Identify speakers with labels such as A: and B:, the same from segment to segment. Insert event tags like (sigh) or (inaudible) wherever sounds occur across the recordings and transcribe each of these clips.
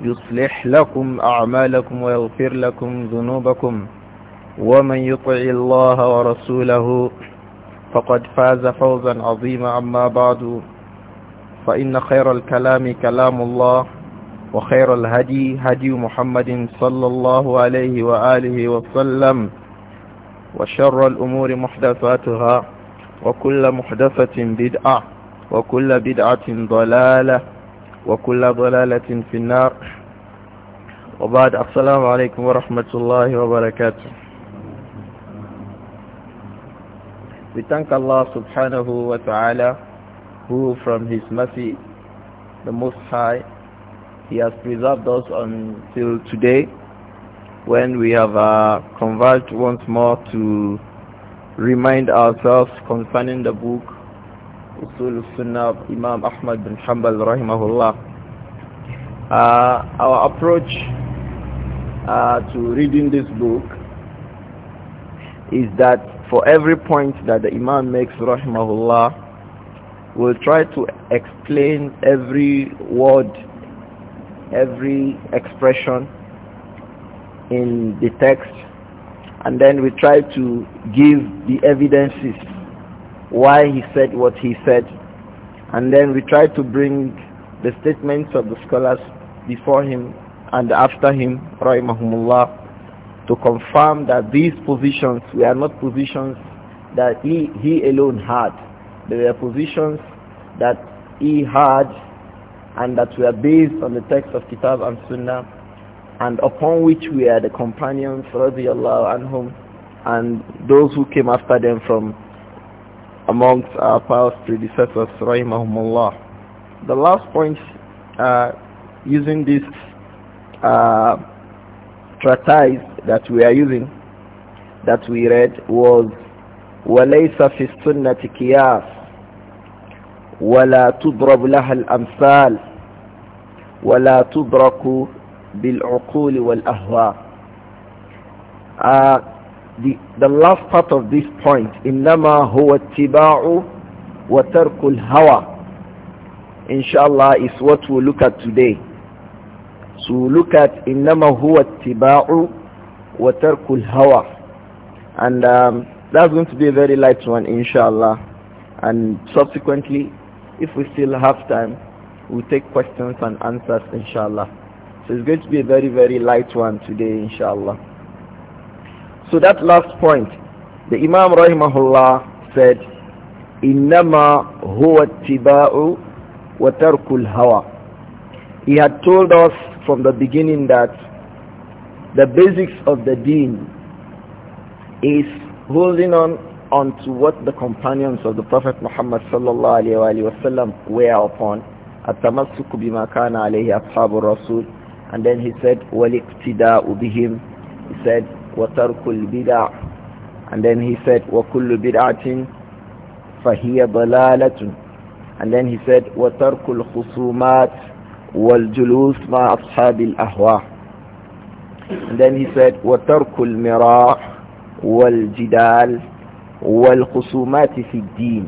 A: يصلح لكم أعمالكم ويغفر لكم ذنوبكم ومن يطع الله ورسوله فقد فاز فوزا عظيما أما بعد فإن خير الكلام كلام الله وخير الهدي هدي محمد صلى الله عليه وآله وسلم وشر الأمور محدثاتها وكل محدثة بدعة وكل بدعة ضلالة وكل ضلالة في النار وبعد السلام عليكم ورحمة الله وبركاته We thank Allah subhanahu wa ta'ala who from his mercy the most high he has preserved us until today when we have uh, converged once more to remind ourselves concerning the book Usul Sunnah Imam Ahmad bin Hanbal rahimahullah. Uh, our approach uh, to reading this book is that for every point that the Imam makes rahimahullah, we'll try to explain every word, every
B: expression in the text and then we try to give the evidences why he said what he said.
A: And then we try to bring the statements of the scholars before him and after him, rahimahumullah, to confirm that these positions were not positions that he, he alone had. They were positions that he had and that were based on the text of Kitab and Sunnah and upon which we are the companions radiallahu anhum and those who came after them from amongst our past predecessors, rahimahumullah. The last point, uh, using this uh, treatise that we are using, that we read,
B: was وَلَيْسَ فِي السُّنَّةِ كِيَاسٌ وَلَا تُضْرَبْ لَهَا الْأَمْثَالِ وَلَا تُدْرَكُ بِالْعُقُولِ وَالْأَهْوَاءِ uh, the, the last part of this point إنما هو اتباع وترك الهوى inshallah is what we will look at today so we'll look at إنما هو اتباع وترك الهوى and um,
A: that's going to be a very light one inshallah and subsequently if we still have time we'll take questions and answers inshallah so it's going to be a very very light one today inshallah so that last point,
B: the Imam rahimahullah said, huwa tiba'u wa وَتَرْكُ hawa." He had told us from the beginning that the basics of the deen is
A: holding on onto what the companions of the Prophet Muhammad sallallahu alayhi wasallam were upon التمسك بما كان عليه أصحاب الرسول and then he
B: said والاقتداء بهم he said وَتَرْكُ الْبِدَعِ And then he said, وَكُلُّ بِدْعَةٍ فَهِيَ ضَلَالَةٌ And then he said, وَتَرْكُ الْخُصُومَاتِ وَالْجُلُوسِ مَعَ أَصْحَابِ الْأَهْوَاءِ And then he said, وَتَرْكُ المراء وَالْجِدَالِ وَالْخُصُومَاتِ فِي الدِّينِ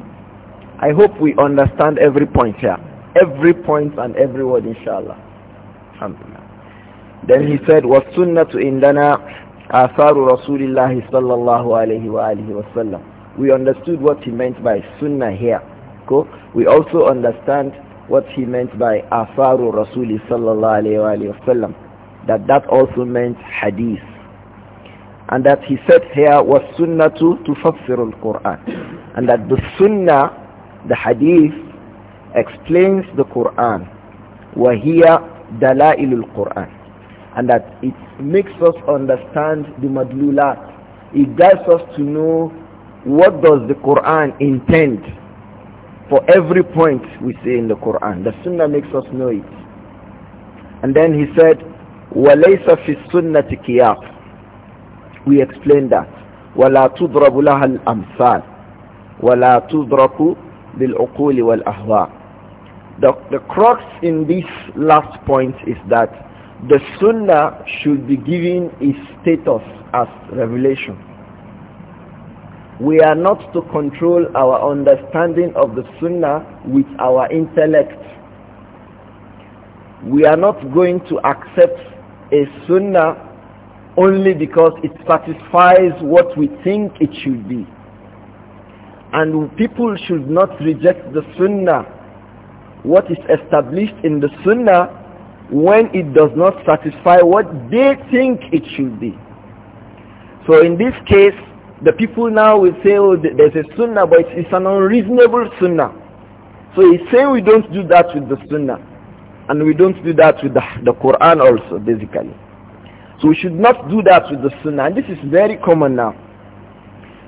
B: I hope we understand every point here. Every point and every word, inshallah. Alhamdulillah. Then he said, وَالسُنَّةُ إِنْدَنَا Atharu Rasulullah sallallahu alayhi wasallam. We understood what he meant by sunnah here. We also understand what he meant by Atharu Rasul sallallahu alayhi wa That that also meant hadith. And that he said here was sunnah to tufassir al-Quran. And that the sunnah, the hadith, explains the Quran. وَهِيَ دَلَائِلُ الْقُرْآنِ and that it makes us understand the madlulat. It guides us to know what does the Quran intend for every point we say in the Quran. The Sunnah makes us know it. And then he said, وَلَيْسَ فِي السُّنَّةِ كِيَاف We explained that. وَلَا تُضْرَبُ لَهَا الْأَمْثَالِ وَلَا تُضْرَكُ بِالْعُقُولِ وَالْأَهْوَاءِ the, the crux in this last point is that the sunnah should be given its status as revelation. We are not to control our understanding of the sunnah with our intellect. We are not going to accept a sunnah only because it satisfies what we think it should be. And people should not reject the sunnah. What is established in the sunnah when it does not satisfy what they think it should be. So in this case, the people now will say, oh, there's a sunnah, but it's an unreasonable sunnah. So he's saying we don't do that with the sunnah. And we don't do that with the, the Quran also, basically. So we should not do that with the sunnah. And this is very common now.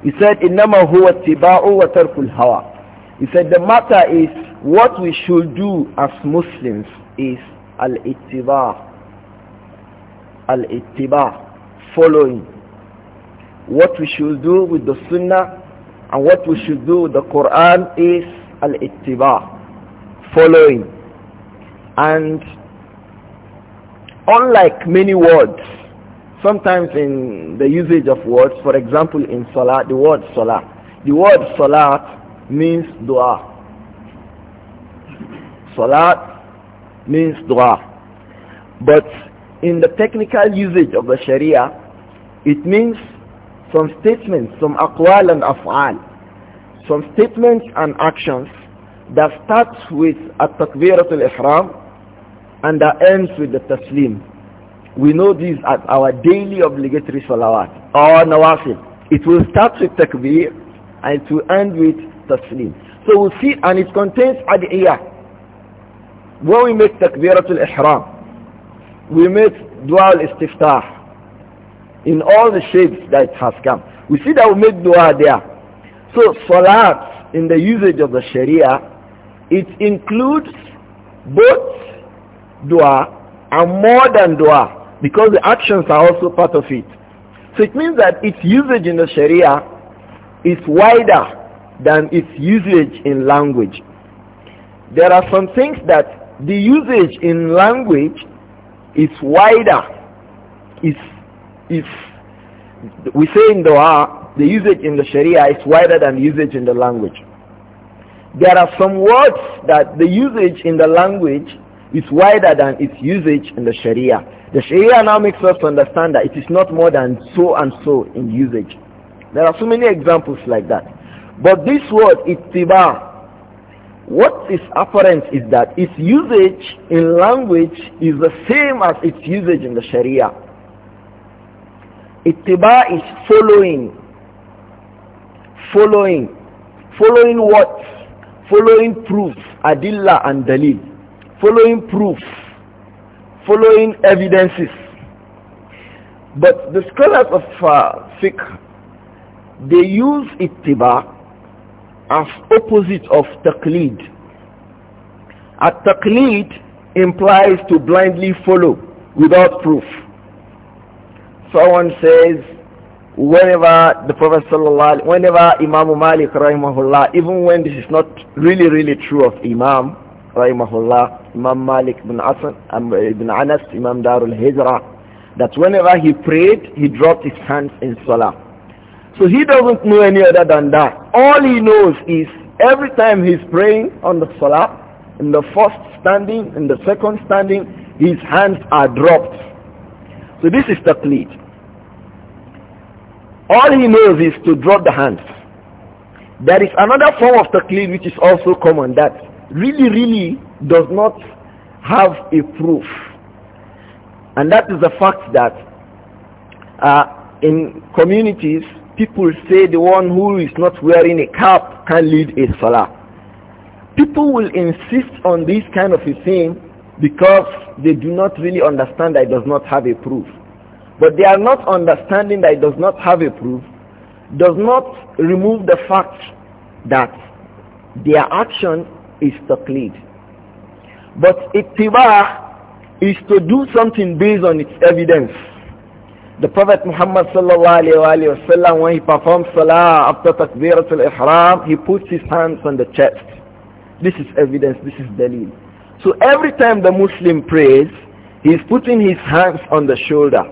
B: He said, إِنَّمَا هُوَ اتِّبَاعُ وَتَرْكُ الْهَوَى He said, the matter is, what we should do as Muslims is al-ittiba al-ittiba following what we should do with the sunnah and what we should do with the quran is al-ittiba following and unlike many words sometimes in the usage of words for example in salah the word salah the word salah means dua salah means dua. But in the technical usage of the Sharia, it means some statements, some aqwal and af'al, some statements and actions that starts with at-takbiratul ihram and that ends with the taslim. We know these at our daily obligatory salawat or nawafil. It will start with takbir and it will end with taslim. So we we'll see, and it contains adiyah. When we make takbiratul ihram, we make dua al-istiftah in all the shapes that it has come. We see that we make dua there. So salat in the usage of the sharia, it includes both dua and more than dua because the actions are also part of it. So it means that its usage in the sharia is wider than its usage in language. There are some things that the usage in language is wider. Is is we say in dua, the usage in the Sharia is wider than the usage in the language. There are some words that the usage in the language is wider than its usage in the Sharia. The Sharia now makes us understand that it is not more than so and so in usage. There are so many examples like that. But this word, ittiba, what is apparent is that its usage in language is the same as its usage in the Sharia. Ittiba is following. Following. Following what? Following proof. Adilla and Dalil. Following proof. Following evidences. But the scholars of uh, fiqh, they use ittiba as opposite of taqlid. A taqlid implies to blindly follow without proof. Someone says, whenever the Prophet sallallahu whenever Imam Malik rahimahullah, even when this is not really really true of Imam rahimahullah, Imam Malik bin Asan, um, ibn Anas, Imam Darul Hijra, that whenever he prayed, he dropped his hands in salah. So he doesn't know any other than that. All he knows is every time he's praying on the salah, in the first standing, in the second standing, his hands are dropped. So this is the taqlid. All he knows is to drop the hands. There is another form of taqlid which is also common that really, really does not have a proof. And that is the fact that uh, in communities people say the one who is not wearing a cap can lead a salah. People will insist on this kind of a thing because they do not really understand that it does not have a proof. But they are not understanding that it does not have a proof does not remove the fact that their action is to lead. But ittiba is to do something based on its evidence. The Prophet Muhammad sallallahu when he performs salah after takbiratul ihram, he puts his hands on the chest. This is evidence, this is dalil. So every time the Muslim prays, he is putting his hands on the shoulder.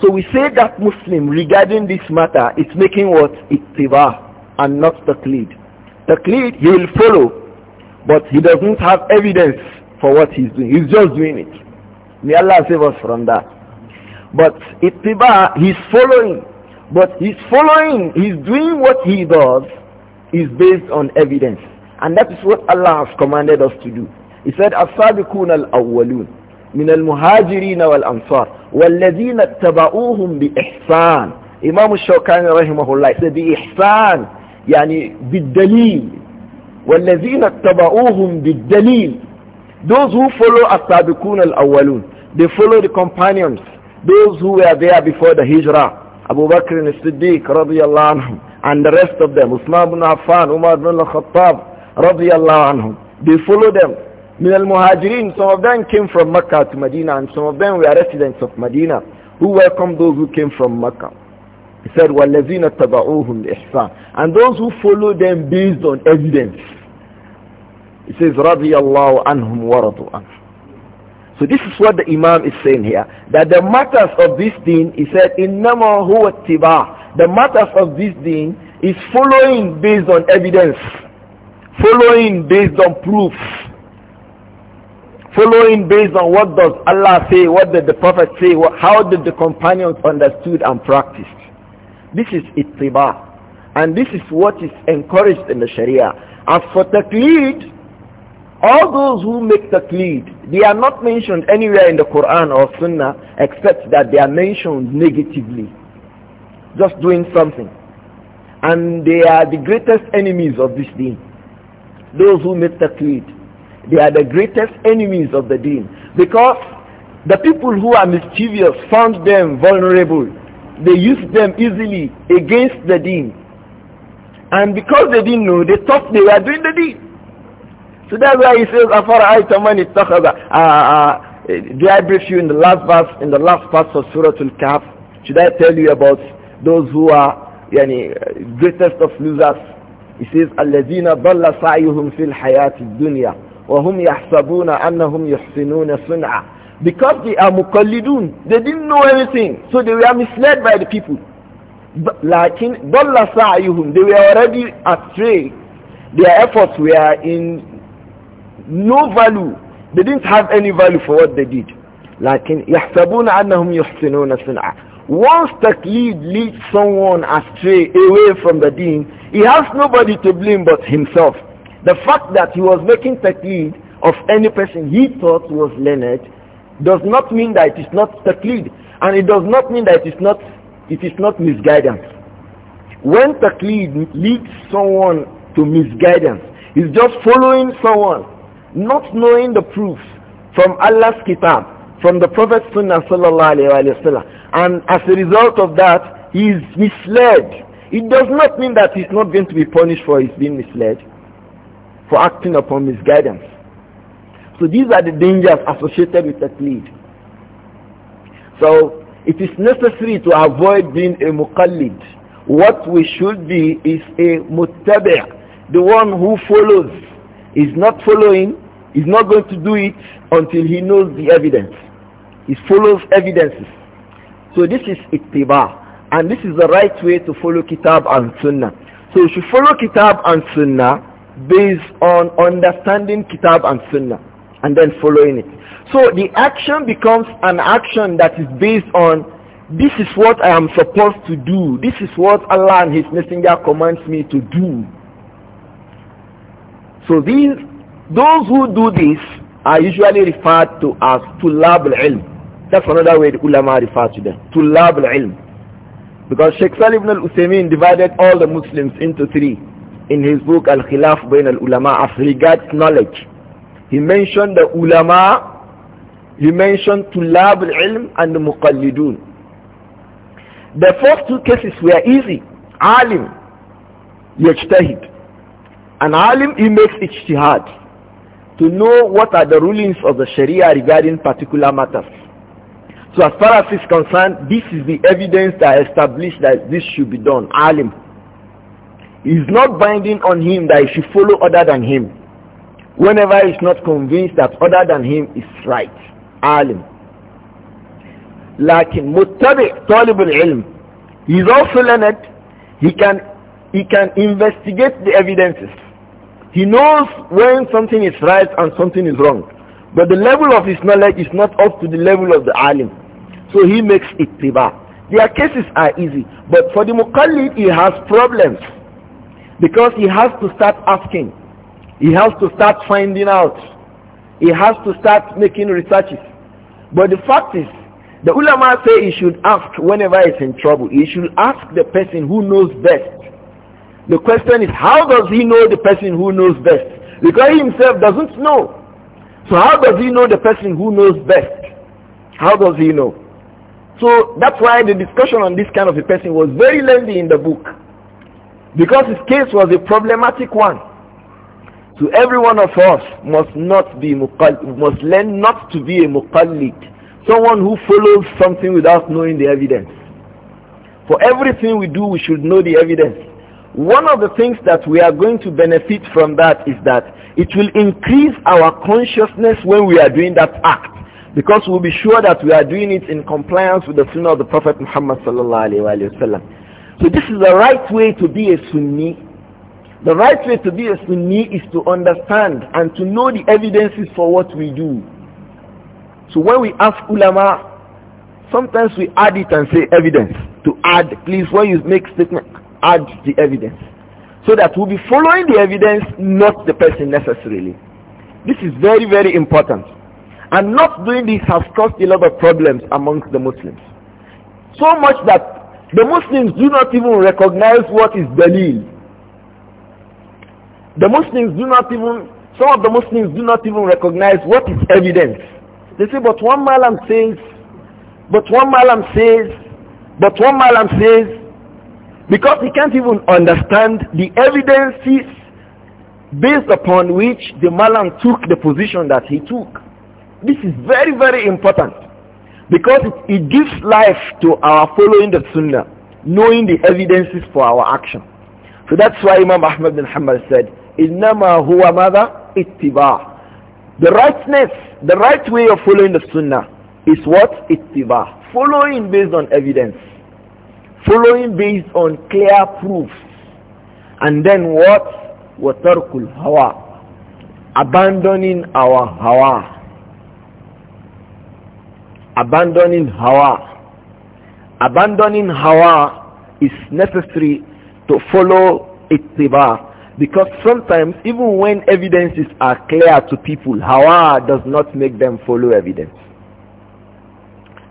B: So we say that Muslim regarding this matter is making what? Ittiba and not The creed he will follow, but he doesn't have evidence for what he's doing. He's just doing it. May Allah save us from that. But ittiba, he's following. But he's following, he's doing what he does is based on evidence. And that is what Allah has commanded us to do. He said, السابقون الأولون من المهاجرين والأنصار والذين اتبعوهم بإحسان إمام الشوكاني رحمه الله said بإحسان يعني بالدليل والذين اتبعوهم بالدليل those who follow al الأولون they follow the companions Those who were there before the Hijrah, Abu Bakr and Siddiq radiallahu anhum, and the rest of them, Usman ibn Affan, Umar ibn al-Khattab radiallahu anhum, they follow them. Min al-Muhajirin, some of them came from Mecca to Medina and some of them were residents of Medina who welcomed those who came from Mecca. He said, وَالَّذِينَ تَبَعُوهُمْ بِإِحْسَانٍ And those who follow them based on evidence. He says, رَضِيَ اللَّهُ عَنْهُمْ وَرَضُوا عَنْهُمْ So this is what the Imam is saying here, that the matters of this deen, he said, in هُوَ اتِّبَاعٌ The matters of this deen is following based on evidence, following based on proof, following based on what does Allah say, what did the Prophet say, what, how did the companions understood and practiced. This is ittiba. And this is what is encouraged in the Sharia. As for taqlid, all those who make taqleed, they are not mentioned anywhere in the Quran or Sunnah except that they are mentioned negatively. Just doing something. And they are the greatest enemies of this deen. Those who make taqleed, they are the greatest enemies of the deen. Because the people who are mischievous found them vulnerable. They used them easily against the deen. And because they didn't know, they thought they were doing the deed. So that's why he says, أَفَرَأَيْتَ مَنِ اتَّخَذَ Do I brief you in the last verse, in the last verse of Surah Al-Kahf? Should I tell you about those who are yani, greatest of losers? He says, الَّذِينَ ضَلَّ fil فِي dunya wa-hum يَحْسَبُونَ أَنَّهُمْ يُحْسِنُونَ sunnah." Because they are mukallidun, they didn't know anything, so they were misled by the people. لكن ضَلَّ سَعْيُهُمْ They were already astray. Their efforts were in no value. They didn't have any value for what they did. لكن يحسبون أنهم يحسنون صنعا. Once taqlid leads someone astray away from the deen, he has nobody to blame but himself. The fact that he was making taqlid of any person he thought was learned does not mean that it is not taqlid, and it does not mean that it is not, it is not misguidance. When taqlid leads someone to misguidance, he's just following someone not knowing the proof from Allah's kitab, from the Prophet Sunnah sallallahu alayhi And as a result of that, he is misled. It does not mean that he's not going to be punished for his being misled, for acting upon misguidance. So these are the dangers associated with that lead. So it is necessary to avoid being a muqallid. What we should be is a muttabi', the one who follows. Is not following, He's not going to do it until he knows the evidence. He follows evidences. So this is ittiba. And this is the right way to follow kitab and sunnah. So you should follow kitab and sunnah based on understanding kitab and sunnah and then following it. So the action becomes an action that is based on this is what I am supposed to do. This is what Allah and His Messenger commands me to do. So these those who do this are usually referred to as tulab al-ilm. That's another way the ulama refer to them. Tulab al-ilm. Because Sheikh Salih ibn al-Uthaymeen divided all the Muslims into three in his book Al-Khilaf Bain al-Ulama as regards knowledge. He mentioned the ulama, he mentioned tulab al-ilm and the muqallidun. The first two cases were easy. Alim, yajtahid. An alim, he makes ijtihad to know what are the rulings of the Sharia regarding particular matters. So as far as it's concerned, this is the evidence that established that this should be done. Alim. is not binding on him that he should follow other than him. Whenever he's not convinced that other than him is right. Alim. Lakin muttabi talib al-ilm. He's also learned. He can, he can investigate the evidences. He knows when something is right and something is wrong. But the level of his knowledge is not up to the level of the alim. So he makes it tiba. Their cases are easy. But for the mukallid, he has problems. Because he has to start asking. He has to start finding out. He has to start making researches. But the fact is, the ulama say he should ask whenever he's in trouble. He should ask the person who knows best. The question is, how does he know the person who knows best? Because he himself doesn't know. So how does he know the person who knows best? How does he know? So that's why the discussion on this kind of a person was very lengthy in the book. Because his case was a problematic one. So every one of us must not be must learn not to be a muqallid, someone who follows something without knowing the evidence. For everything we do, we should know the evidence. One of the things that we are going to benefit from that is that it will increase our consciousness when we are doing that act because we'll be sure that we are doing it in compliance with the sunnah of the Prophet Muhammad sallallahu alaihi wasallam. So this is the right way to be a Sunni. The right way to be a Sunni is to understand and to know the evidences for what we do. So when we ask ulama, sometimes we add it and say evidence to add. Please, when you make statement, add the evidence. So that we'll be following the evidence, not the person necessarily. This is very, very important. And not doing this has caused a lot of problems amongst the Muslims. So much that the Muslims do not even recognize what is Dalil. The Muslims do not even, some of the Muslims do not even recognize what is evidence. They say, but one Malam says, but one Malam says, but one Malam says, because he can't even understand the evidences based upon which the Malam took the position that he took. This is very, very important because it, it gives life to our following the Sunnah, knowing the evidences for our action. So that's why Imam Ahmad bin Hanbal said, إِنَّمَا هُوَ مَاذَا اتِّبَاعٌ The rightness, the right way of following the Sunnah is what? Ittiba. Following based on evidence following based on clear proofs, and then what watarkul hawa abandoning our hawa abandoning hawa abandoning hawa is necessary to follow ittiba because sometimes even when evidences are clear to people hawa does not make them follow evidence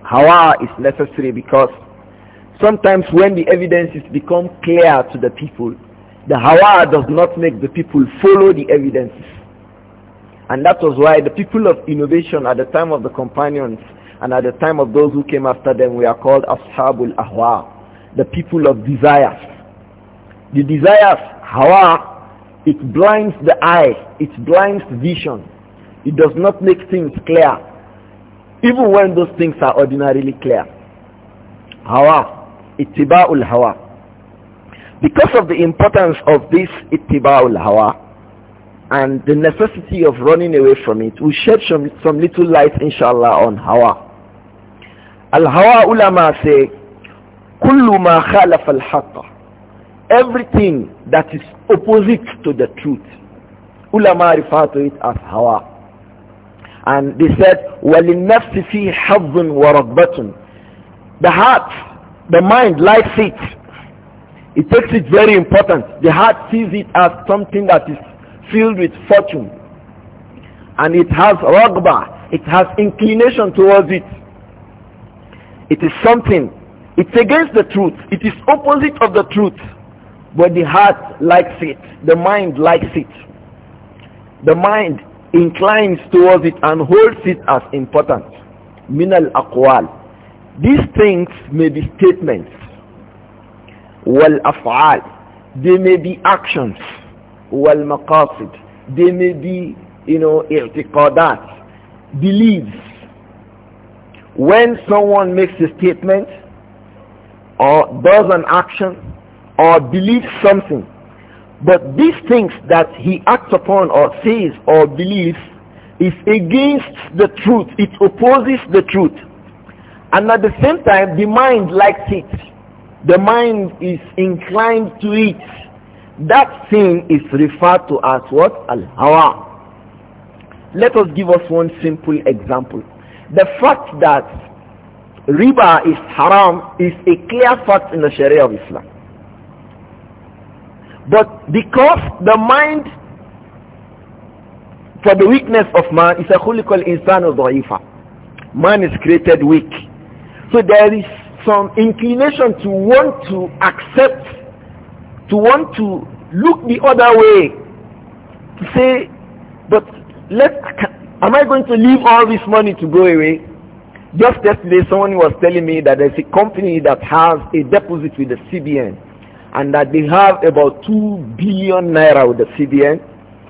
B: hawa is necessary because sometimes when the evidences become clear to the people, the Hawa does not make the people follow the evidences. And that was why the people of innovation at the time of the companions and at the time of those who came after them were called Ashabul Ahwa, the people of desires. The desires, Hawa, it blinds the eye, it blinds vision. It does not make things clear, even when those things are ordinarily clear. Hawa, ittiba'ul hawa. Because of the importance of this ittiba'ul hawa and the necessity of running away from it, we shed some, some little light inshallah on hawa. Al-hawa ulama say, kullu ma khalaf al Everything that is opposite to the truth. Ulama refer to it as hawa. And they said, وَلِلنَّفْسِ فِي حَظٌ وَرَغْبَةٌ The heart the mind likes it. It takes it very important. The heart sees it as something that is filled with fortune. And it has ragba. It has inclination towards it. It is something. It's against the truth. It is opposite of the truth. But the heart likes it. The mind likes it. The mind inclines towards it and holds it as important. Min al-aqwal these things may be statements. Wal af'al. They may be actions. Wal maqasid. They may be, you know, i'tiqadat. Beliefs. When someone makes a statement or does an action or believes something, but these things that he acts upon or says or believes is against the truth. It opposes the truth. And at the same time, the mind likes it. The mind is inclined to it. That thing is referred to as what? Al-Hawa. Let us give us one simple example. The fact that riba is haram is a clear fact in the Sharia of Islam. But because the mind for the weakness of man is a khulikul insanu dha'ifa. Man is created weak. So there is some inclination to want to accept, to want to look the other way, to say, but let, am I going to leave all this money to go away? Just yesterday, someone was telling me that there's a company that has a deposit with the CBN and that they have about 2 billion naira with the CBN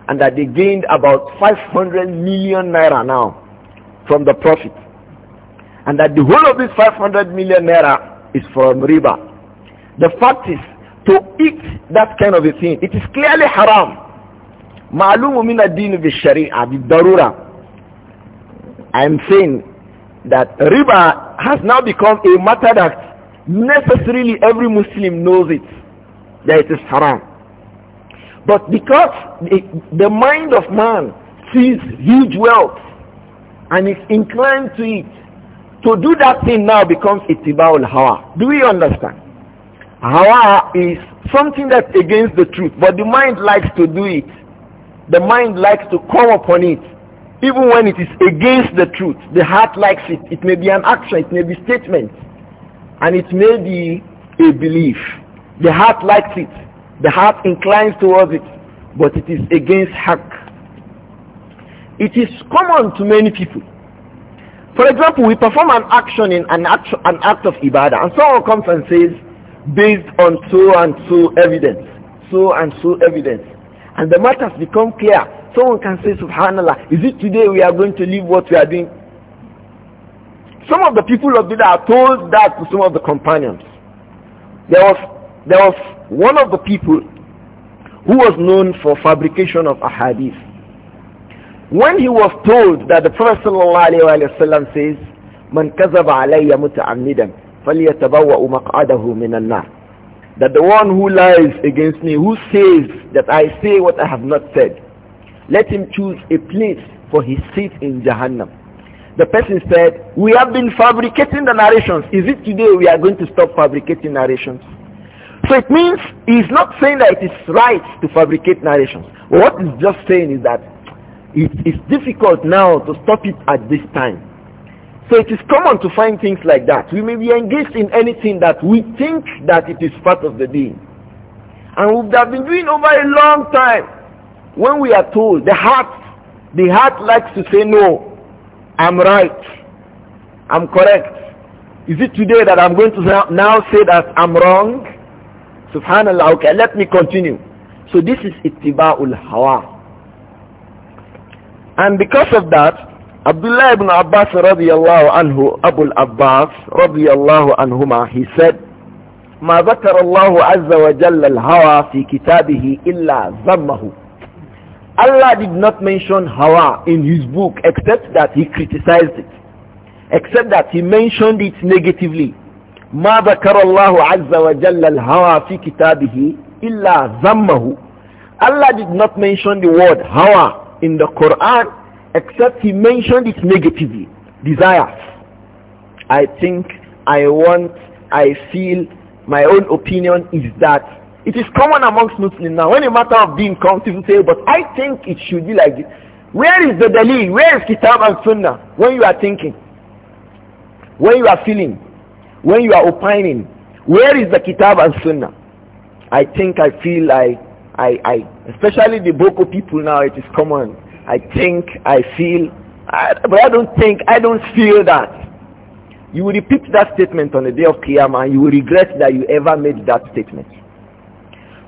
B: and that they gained about 500 million naira now from the profit and that the whole of this 500 million naira is from riba. The fact is, to eat that kind of a thing, it is clearly haram. Ma'lumu min ad-din bi-shari'a bi-darura. I am saying that riba has now become a matter that necessarily every Muslim knows it, that it is haram. But because the, mind of man sees huge wealth and is inclined to it, to do that thing now becomes itiba'ul hawa. Do we understand? Hawa is something that's against the truth, but the mind likes to do it. The mind likes to come upon it. Even when it is against the truth, the heart likes it. It may be an action, it may be statement, and it may be a belief. The heart likes it. The heart inclines towards it, but it is against Hak. It is common to many people. For example, we perform an action in an act, an act of ibadah and someone comes and says, based on so and so evidence, so and so evidence. And the matter has become clear. Someone can say, subhanallah, is it today we are going to leave what we are doing? Some of the people of Bidah told that to some of the companions. There was, there was one of the people who was known for fabrication of ahadith. When he was told that the Prophet ﷺ says, من كذب علي متعمدا فليتبوأ مقعده من النار That the one who lies against me, who says that I say what I have not said, let him choose a place for his seat in Jahannam. The person said, we have been fabricating the narrations. Is it today we are going to stop fabricating narrations? So it means he's not saying that it is right to fabricate narrations. what he's just saying is that it is difficult now to stop it at this time. So it is common to find things like that. We may be engaged in anything that we think that it is part of the deen. And we have been doing over a long time. When we are told, the heart, the heart likes to say, no, I'm right. I'm correct. Is it today that I'm going to now say that I'm wrong? Subhanallah. Okay, let me continue. So this is ittiba'ul hawa. And because of that, Abdullah ibn Abbas radiallahu anhu, Abu al-Abbas radiallahu anhuma, he said, ما ذكر الله عز وجل الهوى في كتابه إلا ذمه Allah did not mention Hawa in his book except that he criticized it. Except that he mentioned it negatively. ما ذكر الله عز وجل الهوى في كتابه إلا ذمه Allah did not mention the word Hawa in the Quran except he mentioned it negatively. Desires. I think, I want, I feel, my own opinion is that. It is common amongst Muslims now. When a matter of being comes, people say, but I think it should be like this. Where is the Dali? Where is Kitab and Sunnah? When you are thinking, when you are feeling, when you are opining, where is the Kitab and Sunnah? I think, I feel, I I, I, especially the Boko people now, it is common. I think, I feel, I, but I don't think, I don't feel that. You will repeat that statement on the day of Qiyamah and you will regret that you ever made that statement.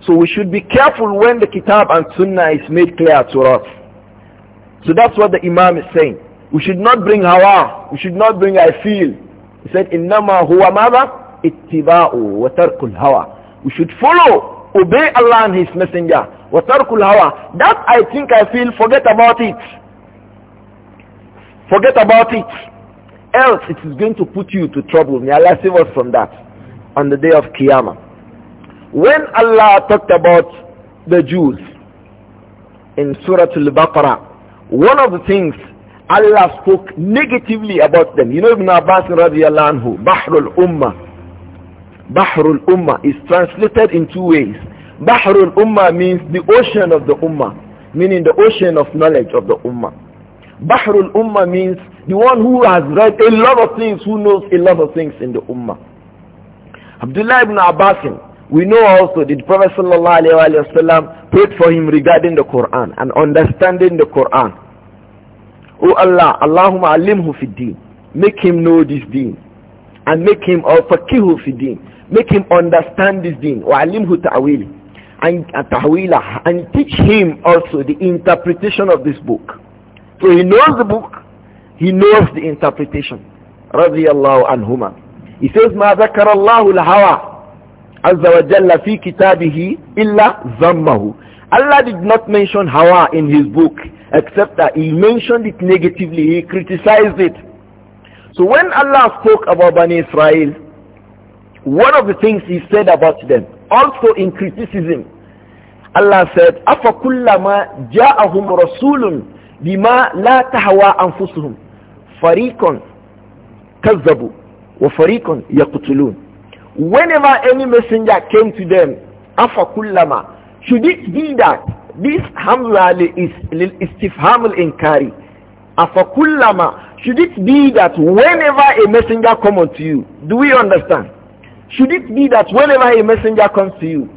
B: So we should be careful when the Kitab and Sunnah is made clear to us. So that's what the Imam is saying. We should not bring hawa. We should not bring I feel. He said, إِنَّمَا هُوَ مَاذَا اتِّبَاءُ وَتَرْكُ الْهَوَى We should follow obey Allah and His Messenger. Watarkul hawa. That I think I feel, forget about it. Forget about it. Else it is going to put you to trouble. May Allah save us from that on the day of Qiyamah. When Allah talked about the Jews in Surah Al-Baqarah, one of the things Allah spoke negatively about them. You know Ibn Abbas radiallahu anhu, Bahrul Ummah Bahrul Ummah is translated in two ways. Bahrul Ummah means the ocean of the Ummah, meaning the ocean of knowledge of the Ummah. Bahrul Ummah means the one who has read a lot of things, who knows a lot of things in the Ummah. Abdullah ibn Abbas, we know also that the Prophet ﷺ prayed for him regarding the Quran and understanding the Quran. O oh Allah, Allahumma alimhu fi deen. Make him know this deen and make him or faqihu fi din make him understand this din wa alimhu ta'wil, and uh, ta'wila and teach him also the interpretation of this book so he knows the book he knows the interpretation اللَّهُ anhuma he says مَا ذَكَرَ اللَّهُ al-hawa azza wa jalla fi illa zammahu Allah did not mention hawa in his book except that he mentioned it negatively he criticized it so when Allah spoke about Bani Israel, one of the things he said about them, also in criticism, Allah said, أَفَكُلَّمَا جَاءَهُمْ رَسُولٌ بِمَا لَا تَهْوَى أَنفُسُهُمْ فَرِيقٌ كَذَّبُوا وَفَرِيقٌ يَقْتُلُونَ Whenever any messenger came to them, أَفَكُلَّمَا Should it be that this hamla is istifham al-inkari? أَفَكُلَّمَا should it be that whenever a messenger comes unto you, do we understand? Should it be that whenever a messenger comes to you,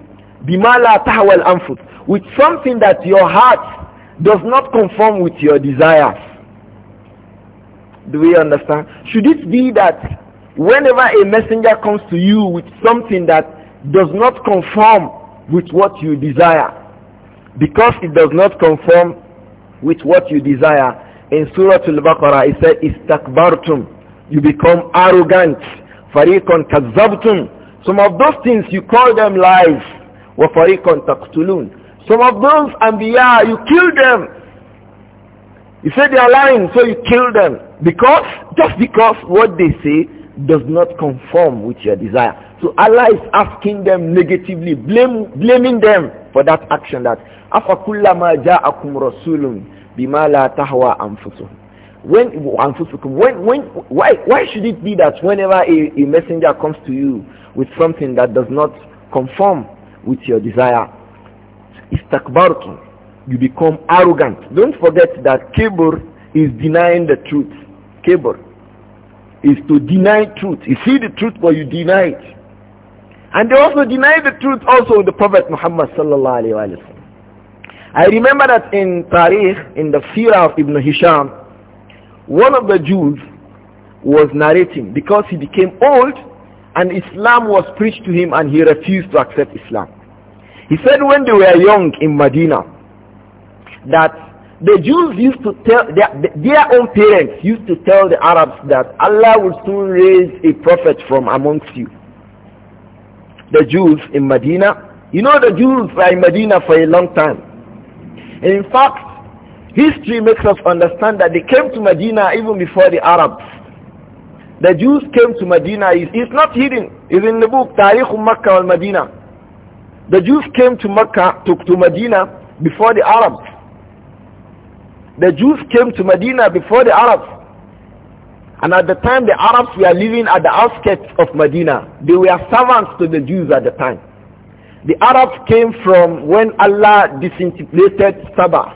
B: bimala tahwal anfut, with something that your heart does not conform with your desires? Do we understand? Should it be that whenever a messenger comes to you with something that does not conform with what you desire, because it does not conform with what you desire, in Surah Al-Baqarah, it said, Istakbartum. You become arrogant. Fariqan kazzabtum. Some of those things you call them lies. وَفَرِيقًا taqtulun. Some of those Anbiya, you kill them. You say they are lying, so you kill them. Because, just because what they say does not conform with your desire. So Allah is asking them negatively, blame, blaming them for that action that أَفَكُلَّمَا جَاءَكُمْ رَسُولٌ بِمَا لَا تَهْوَى when أنفسكم when when why why should it be that whenever a, a messenger comes to you with something that does not conform with your desire istakbartum you become arrogant don't forget that kibur is denying the truth kibur is to deny truth you see the truth but you deny it and they also deny the truth also in the prophet muhammad sallallahu alaihi wasallam I remember that in Tariq, in the Sirah of Ibn Hisham, one of the Jews was narrating because he became old and Islam was preached to him and he refused to accept Islam. He said when they were young in Medina that the Jews used to tell, their, their own parents used to tell the Arabs that Allah will soon raise a prophet from amongst you. The Jews in Medina, you know the Jews were in Medina for a long time. In fact, history makes us understand that they came to Medina even before the Arabs. The Jews came to Medina. It's not hidden. It's in the book, Tariq Makkah al-Madina. The Jews came to Mecca, to, to Medina before the Arabs. The Jews came to Medina before the Arabs. And at the time the Arabs were living at the outskirts of Medina. They were servants to the Jews at the time. The Arabs came from when Allah disintegrated Sabah.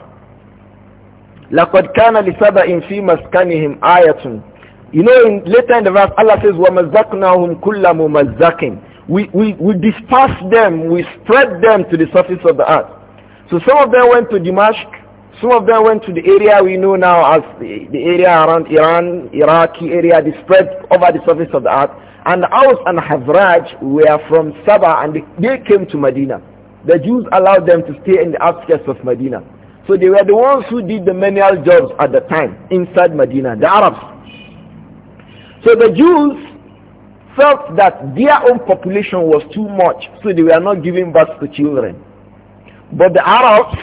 B: لَقَدْ كَانَ لِسَبَإٍ فِي مَسْكَنِهِمْ آيَةٌ You know, in, later in the verse, Allah says, وَمَزَّقْنَاهُمْ كُلَّ مُمَزَّقٍ we, we, we dispersed them, we spread them to the surface of the earth. So some of them went to Dimashq, some of them went to the area we know now as the, the area around Iran, Iraqi area, they spread over the surface of the earth. And Aus and Hazraj were from Sabah and they came to Medina. The Jews allowed them to stay in the outskirts of Medina. So they were the ones who did the manual jobs at the time inside Medina, the Arabs. So the Jews felt that their own population was too much, so they were not giving birth to children. But the Arabs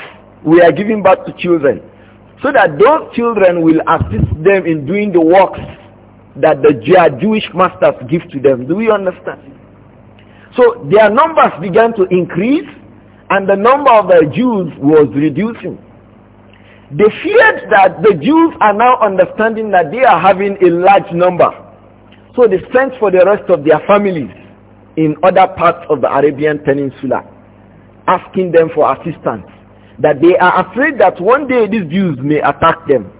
B: were giving birth to children, so that those children will assist them in doing the works that the Jewish masters give to them. Do we understand? So their numbers began to increase and the number of the Jews was reducing. They feared that the Jews are now understanding that they are having a large number. So they sent for the rest of their families in other parts of the Arabian Peninsula, asking them for assistance. That they are afraid that one day these Jews may attack them.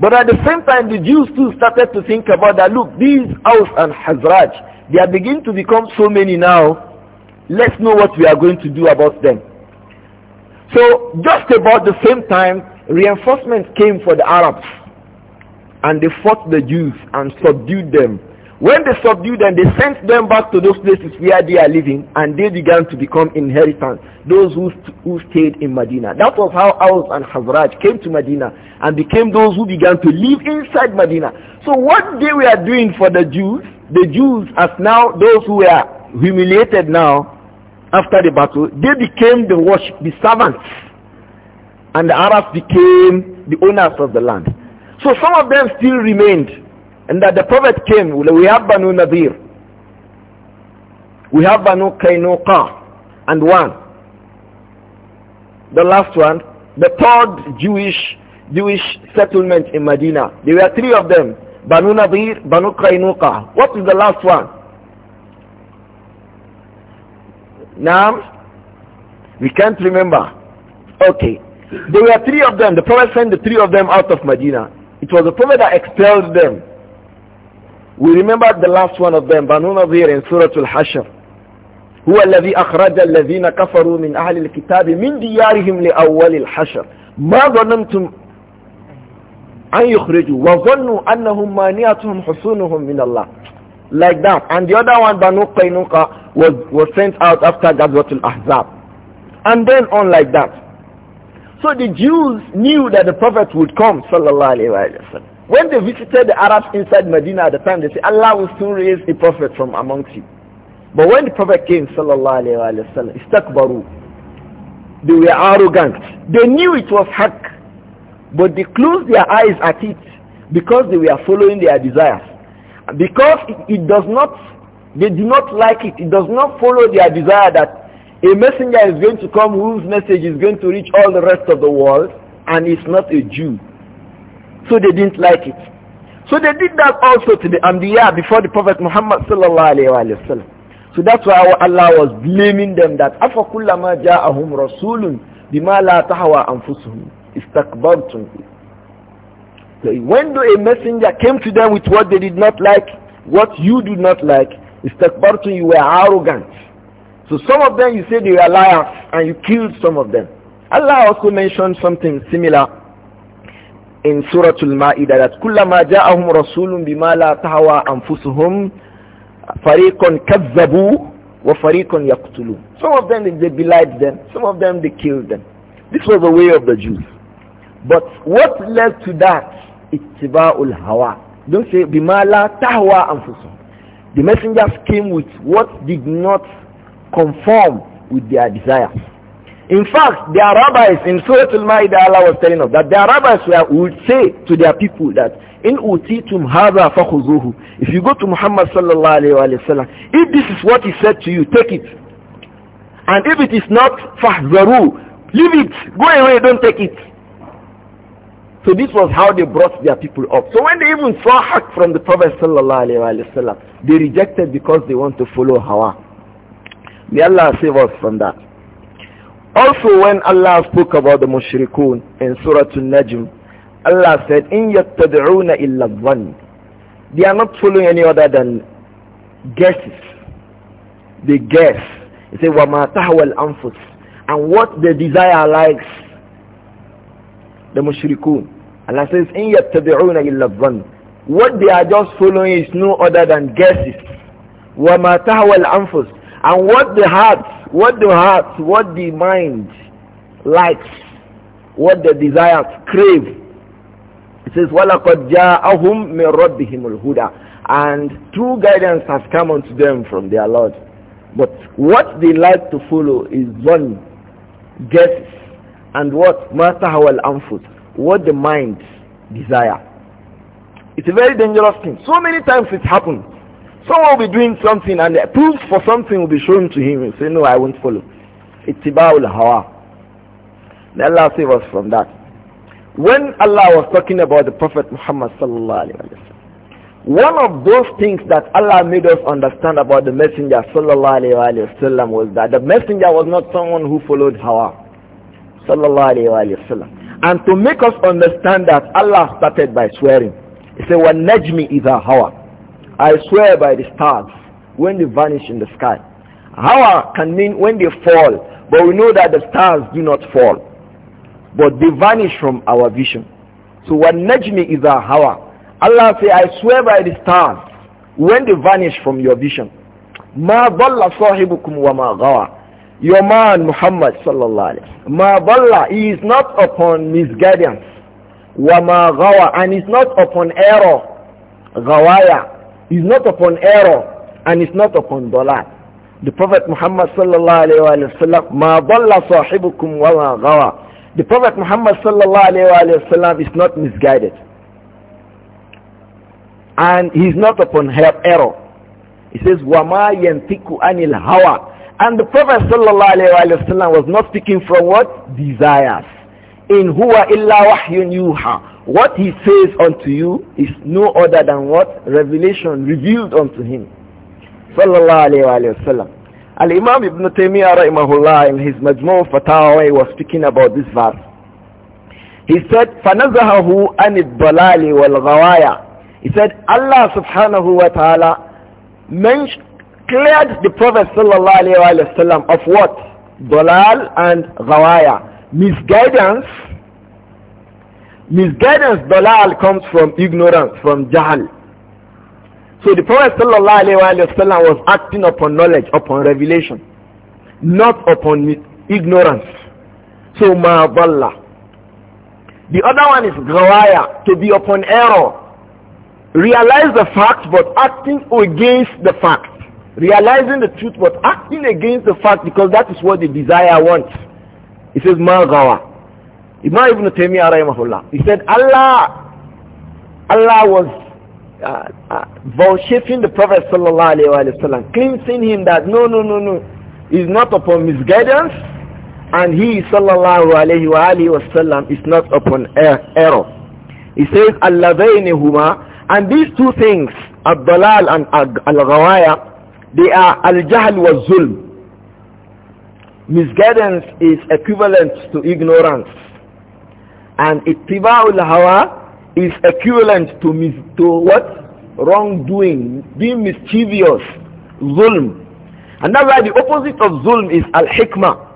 B: But at the same time, the Jews too started to think about that, look, these Aus and Hazraj, they are beginning to become so many now. Let's know what we are going to do about them. So just about the same time, reinforcements came for the Arabs. And they fought the Jews and subdued them when they subdued them, they sent them back to those places where they are living, and they began to become inheritance, those who, st who stayed in Medina. That was how Aus and Hazraj came to Medina and became those who began to live inside Medina. So what they were doing for the Jews, the Jews as now those who were humiliated now after the battle, they became the worship, the servants, and the Arabs became the owners of the land. So some of them still remained and that the Prophet came, we have Banu Nadir, we have Banu Kainuqa, and one. The last one, the third Jewish Jewish settlement in Medina. There were three of them, Banu Nadir, Banu Kainuqa. What is the last one? Now, we can't remember. Okay. There were three of them. The Prophet sent the three of them out of Medina. It was the Prophet that expelled them. We remember the last one of them, Banu Nadir in Surah Al-Hashr. هو الذي أخرج الذين كفروا من أهل الكتاب من ديارهم لأول الحشر ما ظننتم أن يخرجوا وظنوا أنهم مانعتهم حصونهم من الله like that and the other one Banu Qaynuqa was, was sent out after al Ahzab and then on like that so the Jews knew that the Prophet would come sallallahu alayhi wa sallam when they visited the Arabs inside Medina at the time, they said, Allah will soon raise a prophet from amongst you. But when the prophet came, sallallahu alayhi wa sallam, istakbaru, they were arrogant. They knew it was haq, but they closed their eyes at it because they were following their desires. Because it, it does not, they do not like it. It does not follow their desire that a messenger is going to come whose message is going to reach all the rest of the world and is not a Jew so they didn't like it. So they did that also to the Anbiya before the Prophet Muhammad sallallahu alayhi wa So that's why Allah was blaming them that أَفَكُلَّمَا جَاءَهُمْ رَسُولٌ rasulun لَا تَهْوَى أَنفُسُهُمْ إِسْتَكْبَرْتُمْ so When a messenger came to them with what they did not like, what you do not like, إِسْتَكْبَرْتُمْ You were arrogant. So some of them you say they were liars and you killed some of them. Allah also mentioned something similar in Surah Al-Ma'idah that كُلَّمَا جَاءَهُمْ رَسُولٌ بِمَا لَا تَهْوَى أَنفُسُهُمْ فَرِيقٌ wa وَفَرِيقٌ yaqtulu Some of them, they belied them. Some of them, they killed them. This was the way of the Jews. But what led to that? Ittiba'ul hawa. Don't say bima la tahwa anfusum. The messengers came with what did not conform with their desires. In fact, their rabbis in Surah Al-Ma'idah, Allah was telling us that their rabbis would say to their people that, in utitum hadha fakhuzuhu. If you go to Muhammad sallallahu alayhi wa sallam, if this is what he said to you, take it. And if it is not, fahzaru. Leave it. Go away, don't take it. So this was how they brought their people up. So when they even saw haq from the Prophet sallallahu alayhi wa sallam, they rejected because they want to follow hawa. May Allah save us from that. Also when Allah spoke about the mushrikun in Surah al najm Allah said, "In يَتَّبِعُونَ illa الظَّنِّ They are not following any other than guesses. They guess. He said, ma تَهْوَى anfus." And what the desire likes, the mushrikun. Allah says, "In يَتَّبِعُونَ illa الظَّنِّ What they are just following is no other than guesses. Wa ma تَهْوَى anfus. And what the hearts what the heart, what the mind likes, what the desires crave. It says, وَلَقَدْ جَاءَهُمْ مِنْ رَبِّهِمُ الْهُدَى And true guidance has come unto them from their Lord. But what they like to follow is one guess and what matahawal anfut, what the mind desire. It's a very dangerous thing. So many times it happens. Someone will be doing something and the proof for something will be shown to him. He'll say, no, I won't follow. Ittiba'ul hawa. May Allah save us from that. When Allah was talking about the Prophet Muhammad sallallahu alaihi wasallam, one of those things that Allah made us understand about the messenger sallallahu alaihi wasallam was that the messenger was not someone who followed hawa sallallahu alaihi wasallam. And to make us understand that Allah started by swearing. He said, "Wa is a hawa." I swear by the stars when they vanish in the sky. Hour can mean when they fall, but we know that the stars do not fall, but they vanish from our vision. So what najmi is our hour. Allah say, I swear by the stars when they vanish from your vision. Ma dhalla sahibukum wa ma ghawa. Your man Muhammad sallallahu alaihi wasallam. Ma dhalla, he is not upon misguidance. Wa ma ghawa, and is not upon error. Ghawaya, is not upon error and is not upon dollar. The Prophet Muhammad sallallahu alayhi wa sallam, ma dalla sahibukum wa ma gawa. The Prophet Muhammad sallallahu alayhi wa sallam is not misguided. And he is not upon error. He says, wa ma yantiku anil hawa. And the Prophet sallallahu alayhi wa sallam was not speaking from what? Desires. In huwa illa wahyun yuha. What he says unto you is no other than what revelation revealed unto him. Sallallahu alayhi wa sallam. Al-Imam Ibn Taymiyyah rahimahullah in his Majmu' Fatawa was speaking about this verse. He said, فَنَزَهَهُ أَنِ الضَّلَالِ وَالْغَوَايَ He said, Allah subhanahu wa ta'ala cleared the Prophet sallallahu alayhi wa sallam of what? Dalal and Ghawaya. Misguidance Misguidance, dalal, comes from ignorance, from jahal. So the Prophet ﷺ was acting upon knowledge, upon revelation, not upon ignorance. So ma The other one is ghawaya, to be upon error. Realize the fact but acting against the fact. Realizing the truth but acting against the fact because that is what the desire wants. It says ma Imam Ibn Taymiyyah rahimahullah, he said, Allah, Allah was uh, uh, vouchsafing the Prophet sallallahu alayhi wasallam, cleansing him that no, no, no, no, is not upon misguidance, and he sallallahu alayhi wasallam is not upon er error. He says, huma," and these two things, Abdalal and Al-Ghawaya, they are Al-Jahl wa Zulm. Misguidance is equivalent to ignorance and ittiba'ul hawa is equivalent to, mis to what? Wrongdoing, being mischievous, zulm. And that's why the opposite of zulm is al-hikmah.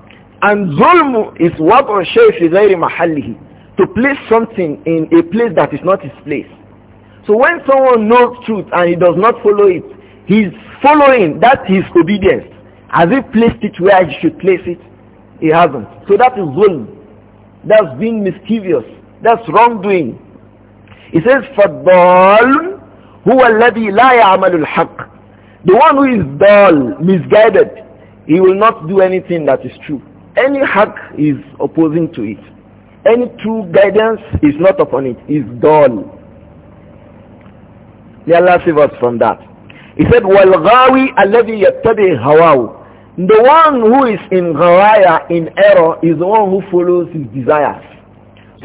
B: And zulm is what or shaykh fi mahalli mahallihi. To place something in a place that is not his place. So when someone knows truth and he does not follow it, he's following, that's his obedience. Has he placed it where he should place it? He hasn't. So that is zulm. That's being mischievous. That's wrongdoing. He says, فَالضَّالٌ هُوَ الَّذِي لَا يَعْمَلُ الْحَقِّ The one who is dull, misguided, he will not do anything that is true. Any Hak is opposing to it. Any true guidance is not upon it. Is dull. May Allah save us from that. He said, وَالْغَاوِي الَّذِي يَتَّبِعِ هَوَاهُ the one who is in gharaya, in error, is the one who follows his desires.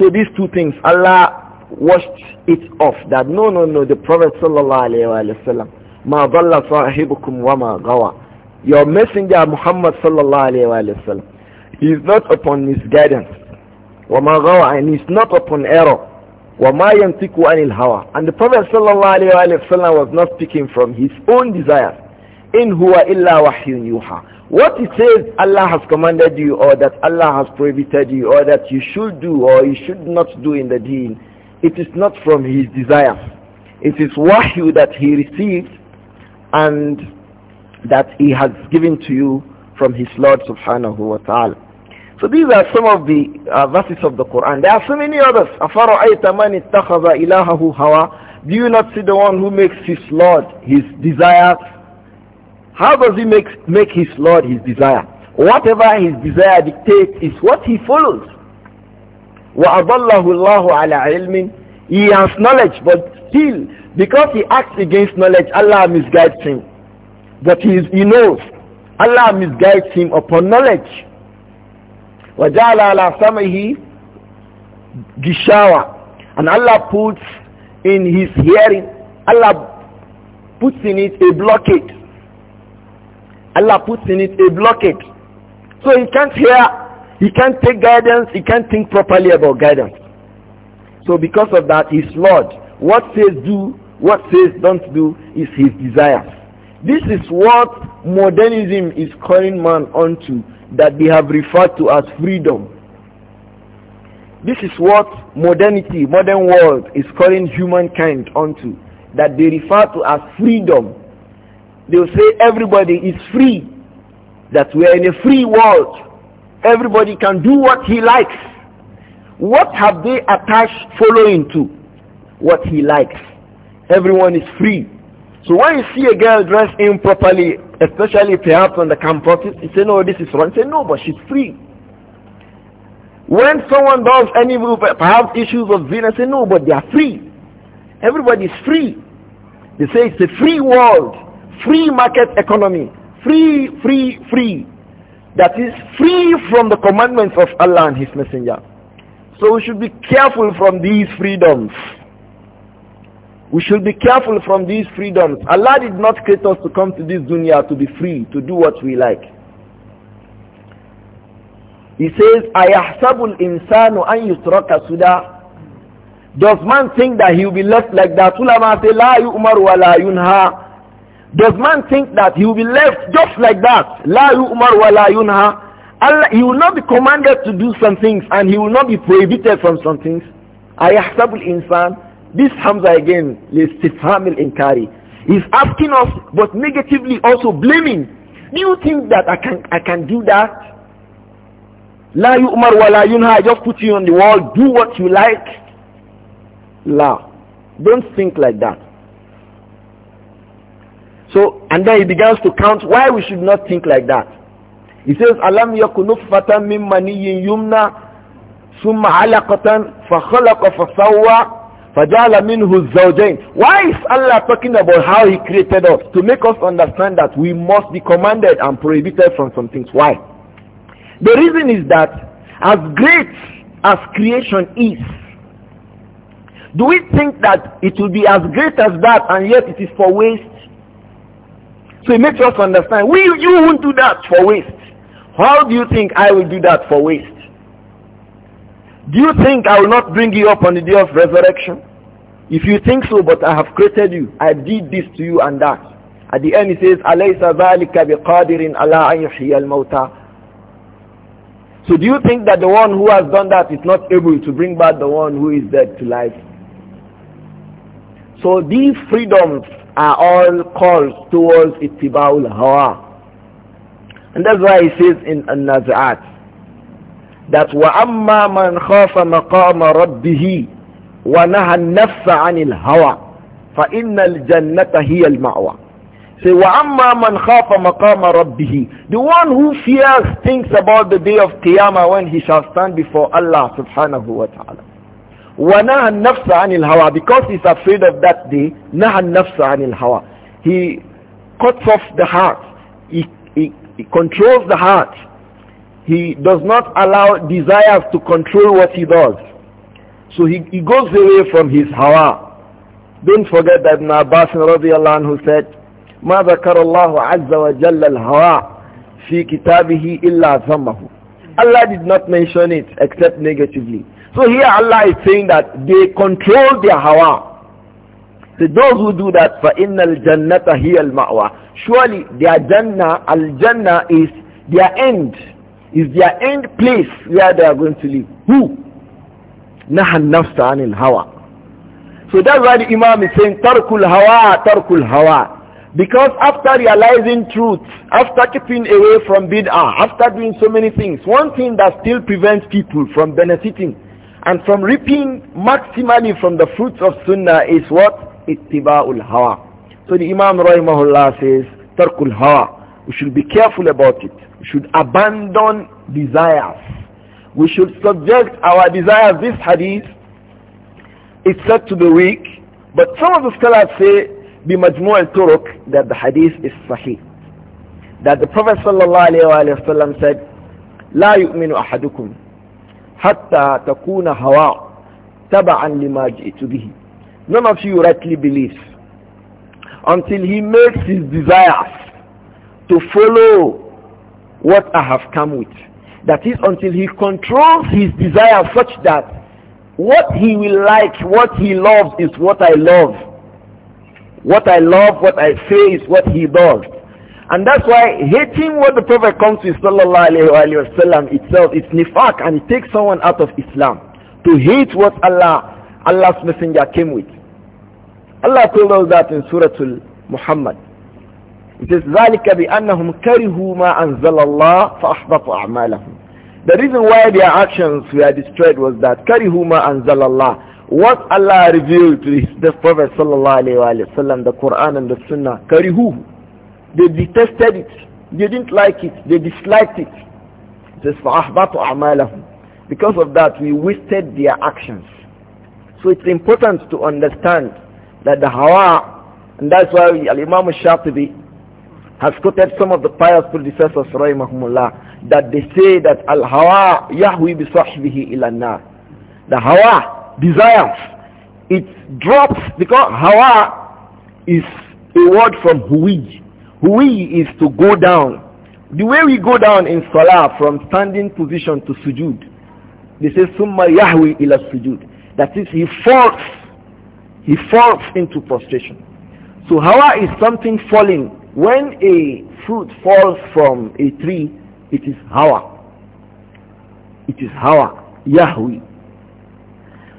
B: So these two things, Allah washed it off. That no, no, no, the Prophet sallallahu alayhi wa ma dhalla sahibukum wa ma gawa. Your messenger Muhammad sallallahu alayhi wa is not upon misguidance. Wa ma gawa, and he is not upon error. Wa ma yantiku anil hawa. And the Prophet sallallahu alayhi wa was not speaking from his own desires. In huwa illa wahyun yuha. What it says Allah has commanded you or that Allah has prohibited you or that you should do or you should not do in the deen, it is not from his desire. It is wahyu that he received and that he has given to you from his Lord subhanahu wa ta'ala. So these are some of the uh, verses of the Quran. There are so many others. أَفَرَأَيْتَ مَنِ اتَّخَذَ إِلَهَهُ هَوَى Do you not see the one who makes his Lord his desire how does he make, make his Lord his desire? Whatever his desire dictates is what he follows. وَأَضَلَّهُ اللَّهُ عَلَىٰ عِلْمٍ He has knowledge, but still, because he acts against knowledge, Allah misguides him. But he, is, he knows. Allah misguides him upon knowledge. وَجَعَلَ عَلَىٰ سَمْعِهِ gishawa and Allah puts in his hearing Allah puts in it a blockade Allah puts in it a blockade. So he can't hear, he can't take guidance, he can't think properly about guidance. So because of that, he's Lord. What says do, what says don't do is his desires. This is what modernism is calling man onto that they have referred to as freedom. This is what modernity, modern world is calling humankind onto that they refer to as freedom. They will say everybody is free, that we are in a free world. Everybody can do what he likes. What have they attached following to? What he likes. Everyone is free. So when you see a girl dressed improperly, especially perhaps on the campus, you say, no, this is wrong. You say, no, but she's free. When someone does any, perhaps issues of Venus, I say, no, but they are free. Everybody is free. They say it's a free world free market economy, free, free, free. That is free from the commandments of Allah and His Messenger. So we should be careful from these freedoms. We should be careful from these freedoms. Allah did not create us to come to this dunya to be free, to do what we like. He says, أَيَحْسَبُ الْإِنسَانُ أَن يُتْرَكَ Does man think that he will be left like that? Ulama say, لَا يُؤْمَرُ وَلَا يُنْهَى does man think that he will be left just like that? La umar wa la yunha. Allah, he will not be commanded to do some things and he will not be prohibited from some things. أَيَحْسَبُ insan. This Hamza again, لِاسْتِفْهَامِ الْإِنْكَارِ He's asking us, but negatively also blaming. Do you think that I can, I can do that? La umar wa la yunha. I just put you on the wall. Do what you like. La. Don't think like that. So, and then he begins to count why we should not think like that. He says, Alam yakunufatan min maniyin yumna summa علقة فخلق فسوى فجعل منه why is Allah talking about how he created us to make us understand that we must be commanded and prohibited from some things why the reason is that as great as creation is do we think that it will be as great as that and yet it is for waste so it makes us understand. We, you won't do that for waste. How do you think I will do that for waste? Do you think I will not bring you up on the day of resurrection? If you think so, but I have created you, I did this to you and that. At the end he says, أَلَيْسَ ذَلِكَ بِقَادِرٍ عَلَىٰ أَنْ يُحْيِيَ الْمَوْتَى So do you think that the one who has done that is not able to bring back the one who is dead to life? So these freedoms are all calls towards ittiba'ul hawa. And that's why he says in an nazat that man وَأَمَّا مَنْ wa مَقَامَ رَبِّهِ وَنَهَى hawa عَنِ الْهَوَى فَإِنَّ الْجَنَّةَ هِيَ الْمَأْوَى Say, wa'amma man khafa مَقَامَ رَبِّهِ The one who fears thinks about the day of Qiyamah when he shall stand before Allah subhanahu wa ta'ala. وَنَهَا النَّفْسَ عَنِ الْهَوَى Because he's afraid of that day, نَهَا النَّفْسَ عَنِ الْهَوَى He cuts off the heart. He, he, he controls the heart. He does not allow desires to control what he does. So he, he goes away from his hawa. Don't forget that Ibn Abbas radiallahu anhu said, ما ذكر الله عز وجل الهوى في كتابه إلا ذمه. Allah did not mention it except negatively. So here Allah is saying that they control their hawa. So those who do that, فَإِنَّ الْجَنَّةَ هِيَ الْمَأْوَى Surely their Jannah, Al-Jannah is their end, is their end place where they are going to live. Who? نَحَى النَّفْسَ عَنِ الْهَوَى So that's why the Imam is saying, تَرْكُ الْهَوَى تَرْكُ الْهَوَى because after realizing truth, after keeping away from bid'ah, after doing so many things, one thing that still prevents people from benefiting and from reaping maximally from the fruits of Sunnah is what? Ittiba'ul hawa. So the Imam Rahimahullah says, Tarkul hawa. We should be careful about it. We should abandon desires. We should subject our desires. This hadith is said to the weak, but some of the scholars say, al-turuk that the hadith is sahih. That the Prophet sallallahu alayhi wa sallam said, لا يؤمن أحدكم hatta takuna hawa lima ji'tu bihi none of you rightly believes until he makes his desires to follow what I have come with that is until he controls his desire such that what he will like what he loves is what I love what I love what I say is what he does and that's why hating what the Prophet comes with sallallahu alayhi wasallam, itself is nifaq and it takes someone out of Islam. To hate what Allah, Allah's messenger came with. Allah told us that in Surah Al-Muhammad. It says, ذَلِكَ بِأَنَّهُمْ كَرِهُوا مَا أَنزَلَ اللَّهُ فَأَحْبَطَ أَعْمَالَهُمْ The reason why their actions were destroyed was that كَرِهُوا مَا أَنزَلَ اللَّهُ What Allah revealed to the Prophet sallallahu alayhi wasallam, the Quran and the Sunnah, كَرِهُوهُ they detested it. They didn't like it. They disliked it. It says, Because of that, we wasted their actions. So it's important to understand that the Hawa, and that's why imam Shatibi has quoted some of the pious predecessors, rahimahumullah, that they say that Al-Hawa yahwi bi sahbihi ilana. The Hawa desires. It drops, because Hawa is a word from Huwij we is to go down. The way we go down in salah from standing position to sujud, they say summa yahwi ila sujud. That is, he falls, he falls into prostration. So hawa is something falling. When a fruit falls from a tree, it is hawa. It is hawa, yahwi.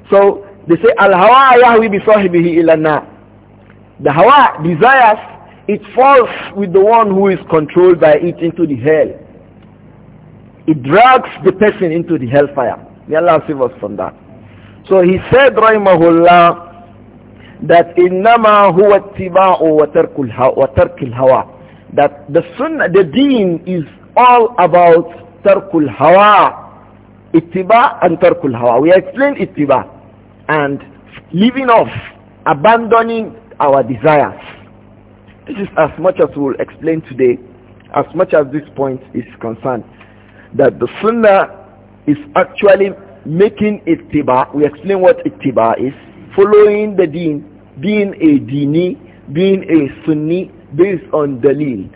B: So they say al hawa yahwi bi sahibihi ila na. The hawa desires it falls with the one who is controlled by it into the hell. It drags the person into the hellfire. May Allah save us from that. So he said, Rahimahullah, that innama huwa ittiba'u wa tarkul hawa hawa that the sunnah the deen is all about tarkul hawa ittiba and tarkul hawa we explain ittiba and leaving off abandoning our desires this is as much as we'll explain today, as much as this point is concerned, that the sunnah is actually making ittiba. We explain what ittiba is. Following the deen, being a dini, being a sunni, based on dalil.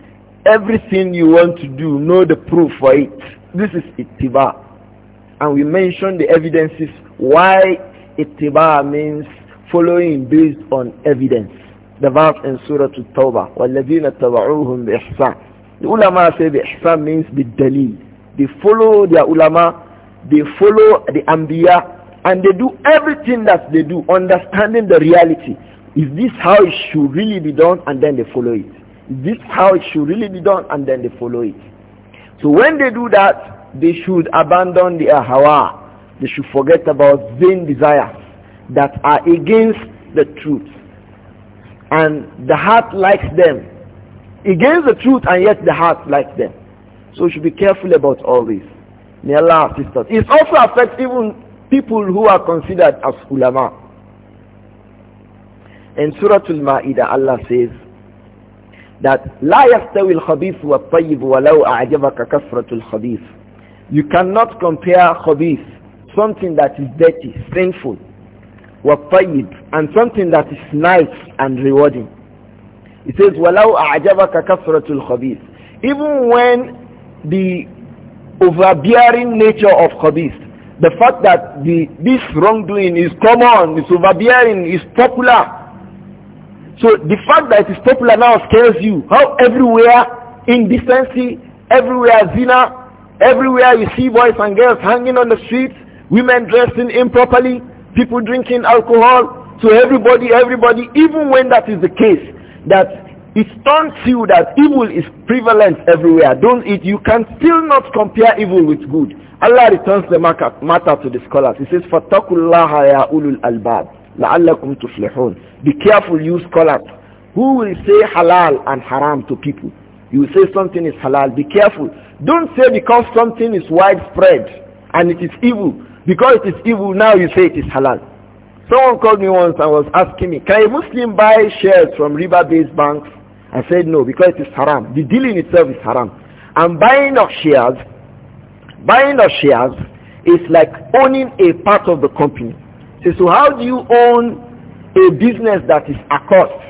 B: Everything you want to do, know the proof for it. This is ittiba. And we mentioned the evidences why ittiba means following based on evidence the verse in Surah At-Tawbah, وَالَّذِينَ تَبَعُوهُمْ بِإِحْسَانٍ The ulama say the ihsan means bidalil. They follow their ulama, they follow the anbiya, and they do everything that they do, understanding the reality. Is this how it should really be done? And then they follow it. Is this how it should really be done? And then they follow it. So when they do that, they should abandon the ahawa. They should forget about vain desires that are against the truth and the heart likes them. Against the truth and yet the heart likes them. So we should be careful about all this. May Allah assist us. It also affects even people who are considered as ulama. In Surah Al-Ma'idah, Allah says that لا يستوي الخبيث والطيب ولو أعجبك كفرة الخبيث. You cannot compare khabith, something that is dirty, sinful, وَالطَّيِّبِ And something that is nice and rewarding. It says, وَلَوْ أَعْجَبَكَ كَثْرَةُ الْخَبِيثِ Even when the overbearing nature of khabith, the fact that the, this wrongdoing is common, is overbearing, is popular. So the fact that it is popular now scares you. How everywhere indecency, everywhere zina, everywhere you see boys and girls hanging on the streets, women dressed improperly, people drinking alcohol to everybody, everybody, even when that is the case, that it turns you that evil is prevalent everywhere. Don't it? You can still not compare evil with good. Allah returns the matter to the scholars. He says, فَاتَّقُوا ya ulul albab, الْأَلْبَابِ لَعَلَّكُمْ تُفْلِحُونَ Be careful, you scholars. Who will say halal and haram to people? You say something is halal. Be careful. Don't say because something is widespread and it is evil because it is evil, now you say it is halal. Someone called me once and was asking me, can a Muslim buy shares from river-based banks? I said no, because it is haram. The dealing itself is haram. And buying of shares, buying of shares is like owning a part of the company. So, so how do you own a business that is a cost?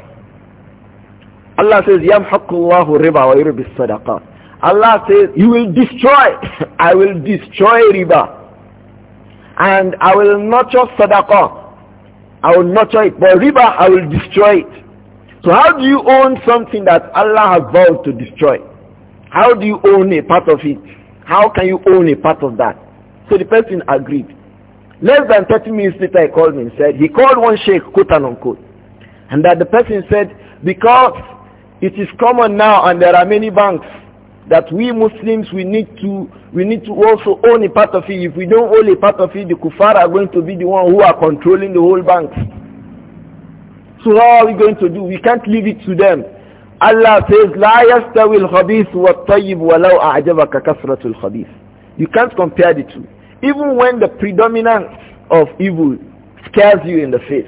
B: Allah says, يَمْحَقُ اللَّهُ riba وَيُرْبِ sadaqah Allah says, you will destroy, (laughs) I will destroy riba and I will nurture sadaqah. I will nurture it. But riba, I will destroy it. So how do you own something that Allah has vowed to destroy? How do you own a part of it? How can you own a part of that? So the person agreed. Less than 30 minutes later he called me and said, he called one sheikh, quote and unquote. And that the person said, because it is common now and there are many banks that we Muslims we need to we need to also own a part of it. If we don't own a part of it, the kuffar are going to be the one who are controlling the whole bank. So what are we going to do? We can't leave it to them. Allah says, لا يستوي الخبيث والطيب ولو أعجبك كثرة الخبيث. You can't compare the two. Even when the predominance of evil scares you in the face,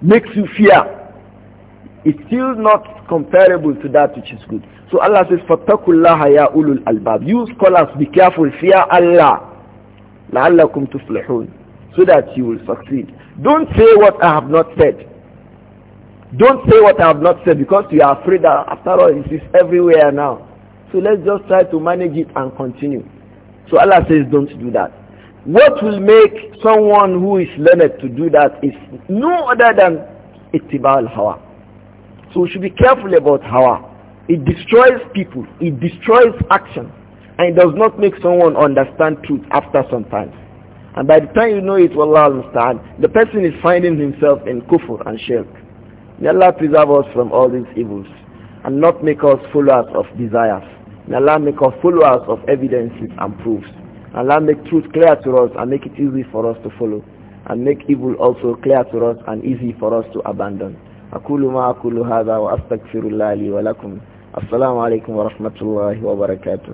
B: makes you fear, it's still not comparable to that which is good. So Allah says, Fattakullaha ya ulul albab. You scholars, be careful, fear Allah. La'allakum tuflihun. So that you will succeed. Don't say what I have not said. Don't say what I have not said because you are afraid that after all it is everywhere now. So let's just try to manage it and continue. So Allah says don't do that. What will make someone who is learned to do that is no other than ittiba al-hawa. So we should be careful about hawa. It destroys people. It destroys action. And it does not make someone understand truth after some time. And by the time you know it, Wallah understand, the person is finding himself in kufr and shirk. May Allah preserve us from all these evils and not make us followers of desires. May Allah make us followers of evidences and proofs. Allah make truth clear to us and make it easy for us to follow. And make evil also clear to us and easy for us to abandon. أقول ما أقول هذا وأستغفر الله لي ولكم السلام عليكم ورحمة الله وبركاته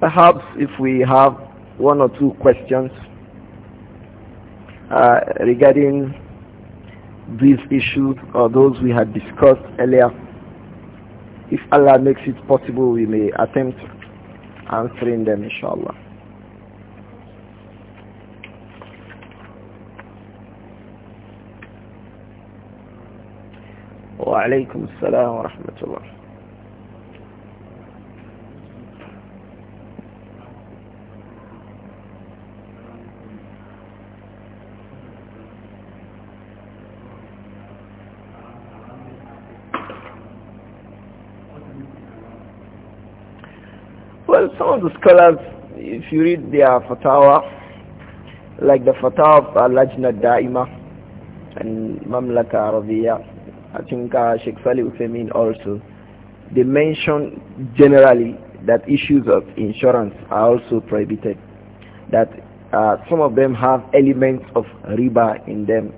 B: Perhaps if we have one or two questions uh, regarding these issues or those we had discussed earlier, if Allah makes it possible, we may attempt answering them, inshallah. وعليكم السلام ورحمة الله Well, some of the scholars, if you read their fatawa, like the fatawa of Al-Lajna Da'ima and Mamlaka Arabiya, I think uh, Sheikh Salih Uthaymeen also, they mention generally that issues of insurance are also prohibited. That uh, some of them have elements of riba in them.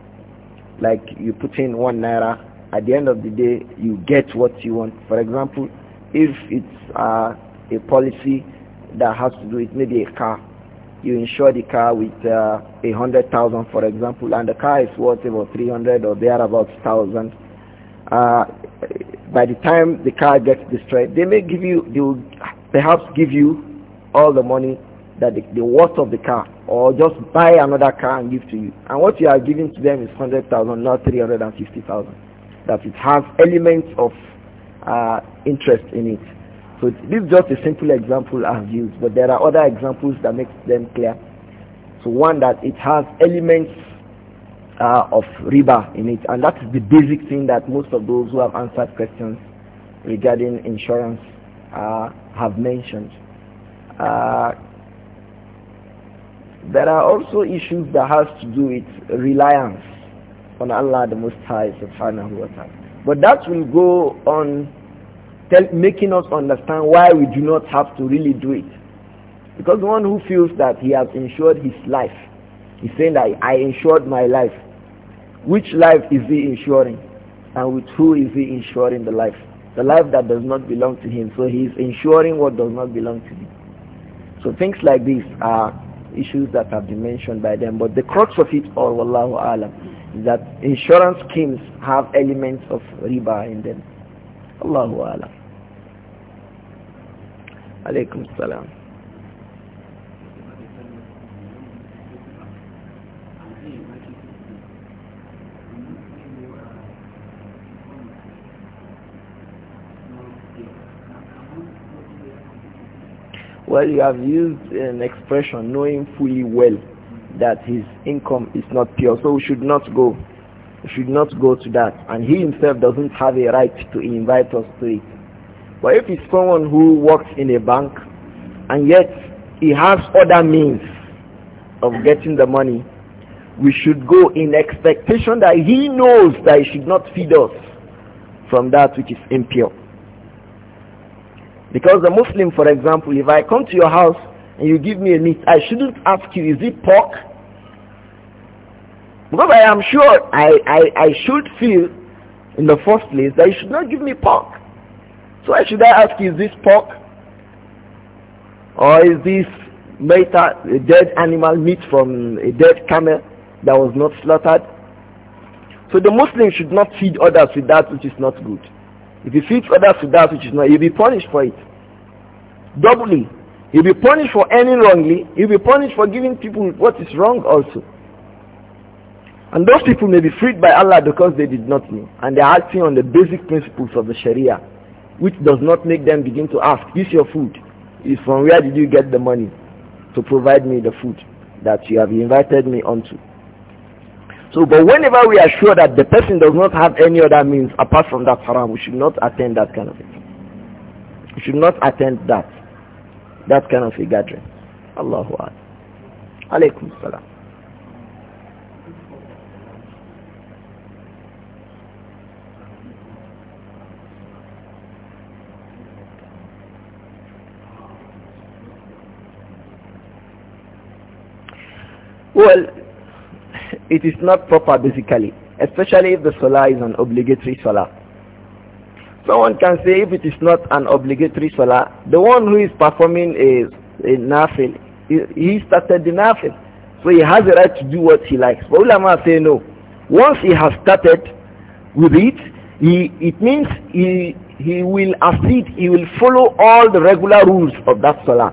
B: Like you put in one naira, at the end of the day you get what you want. For example, if it's uh, a policy that has to do with maybe a car, you insure the car with uh, a uh, hundred thousand for example and the car is worth about three hundred or thereabouts thousand uh, by the time the car gets destroyed, they may give you, they will perhaps give you all the money that the, the worth of the car or just buy another car and give to you. And what you are giving to them is 100,000, not 350,000. That it has elements of uh, interest in it. So this is just a simple example I've used, but there are other examples that make them clear. So one that it has elements uh, of riba in it. And that is the basic thing that most of those who have answered questions regarding insurance uh, have mentioned. Uh, there are also issues that has to do with reliance on Allah the Most High subhanahu wa ta'ala. But that will go on tell, making us understand why we do not have to really do it. Because one who feels that he has insured his life, he's saying that I insured my life. Which life is he insuring? And with who is he insuring the life? The life that does not belong to him. So he is insuring what does not belong to him. So things like these are issues that have been mentioned by them. But the crux of it all, Wallahu Alam, is that insurance schemes have elements of riba in them. Allahu Alam.
A: Alaykum Salam.
B: Well, you have used an expression knowing fully well that his income is not pure, so we should not go. We should not go to that. And he himself doesn't have a right to invite us to it. But if it's someone who works in a bank and yet he has other means of getting the money, we should go in expectation that he knows that he should not feed us from that which is impure. Because a Muslim, for example, if I come to your house and you give me a meat, I shouldn't ask you, is it pork? Because I am sure I, I, I should feel in the first place that you should not give me pork. So why should I ask, is this pork? Or is this meta, a dead animal meat from a dead camel that was not slaughtered? So the Muslim should not feed others with that which is not good. If you feed others to that which is not, you'll be punished for it. Doubly. You'll be punished for any wrongly. You'll be punished for giving people what is wrong also. And those people may be freed by Allah because they did not know. And they are acting on the basic principles of the Sharia, which does not make them begin to ask, is your food? Is from where did you get the money to provide me the food that you have invited me onto? So, but whenever we are sure that the person does not have any other means apart from that haram, we should not attend that kind of thing. We should not attend that, that kind of a gathering. Allahu Akbar. Alaykum salam. Well, it is not proper basically, especially if the salah is an obligatory salah. Someone can say if it is not an obligatory salah, the one who is performing a, a nafil, he started the nafil. So he has the right to do what he likes. But ulama say no. Once he has started with it, he, it means he, he will accede, he will follow all the regular rules of that salah.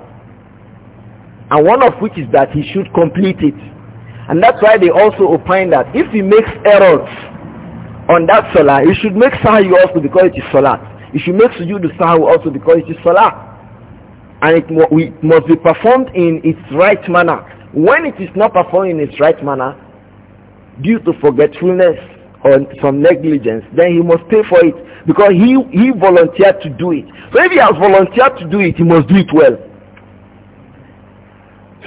B: And one of which is that he should complete it. And that's why they also opine that if he makes errors on that salah, he should make sahih also because it is salah. He should make sujood sahih also because it is salah. And it, it must be performed in its right manner. When it is not performed in its right manner, due to forgetfulness or some negligence, then he must pay for it because he, he volunteered to do it. So if he has volunteered to do it, he must do it well.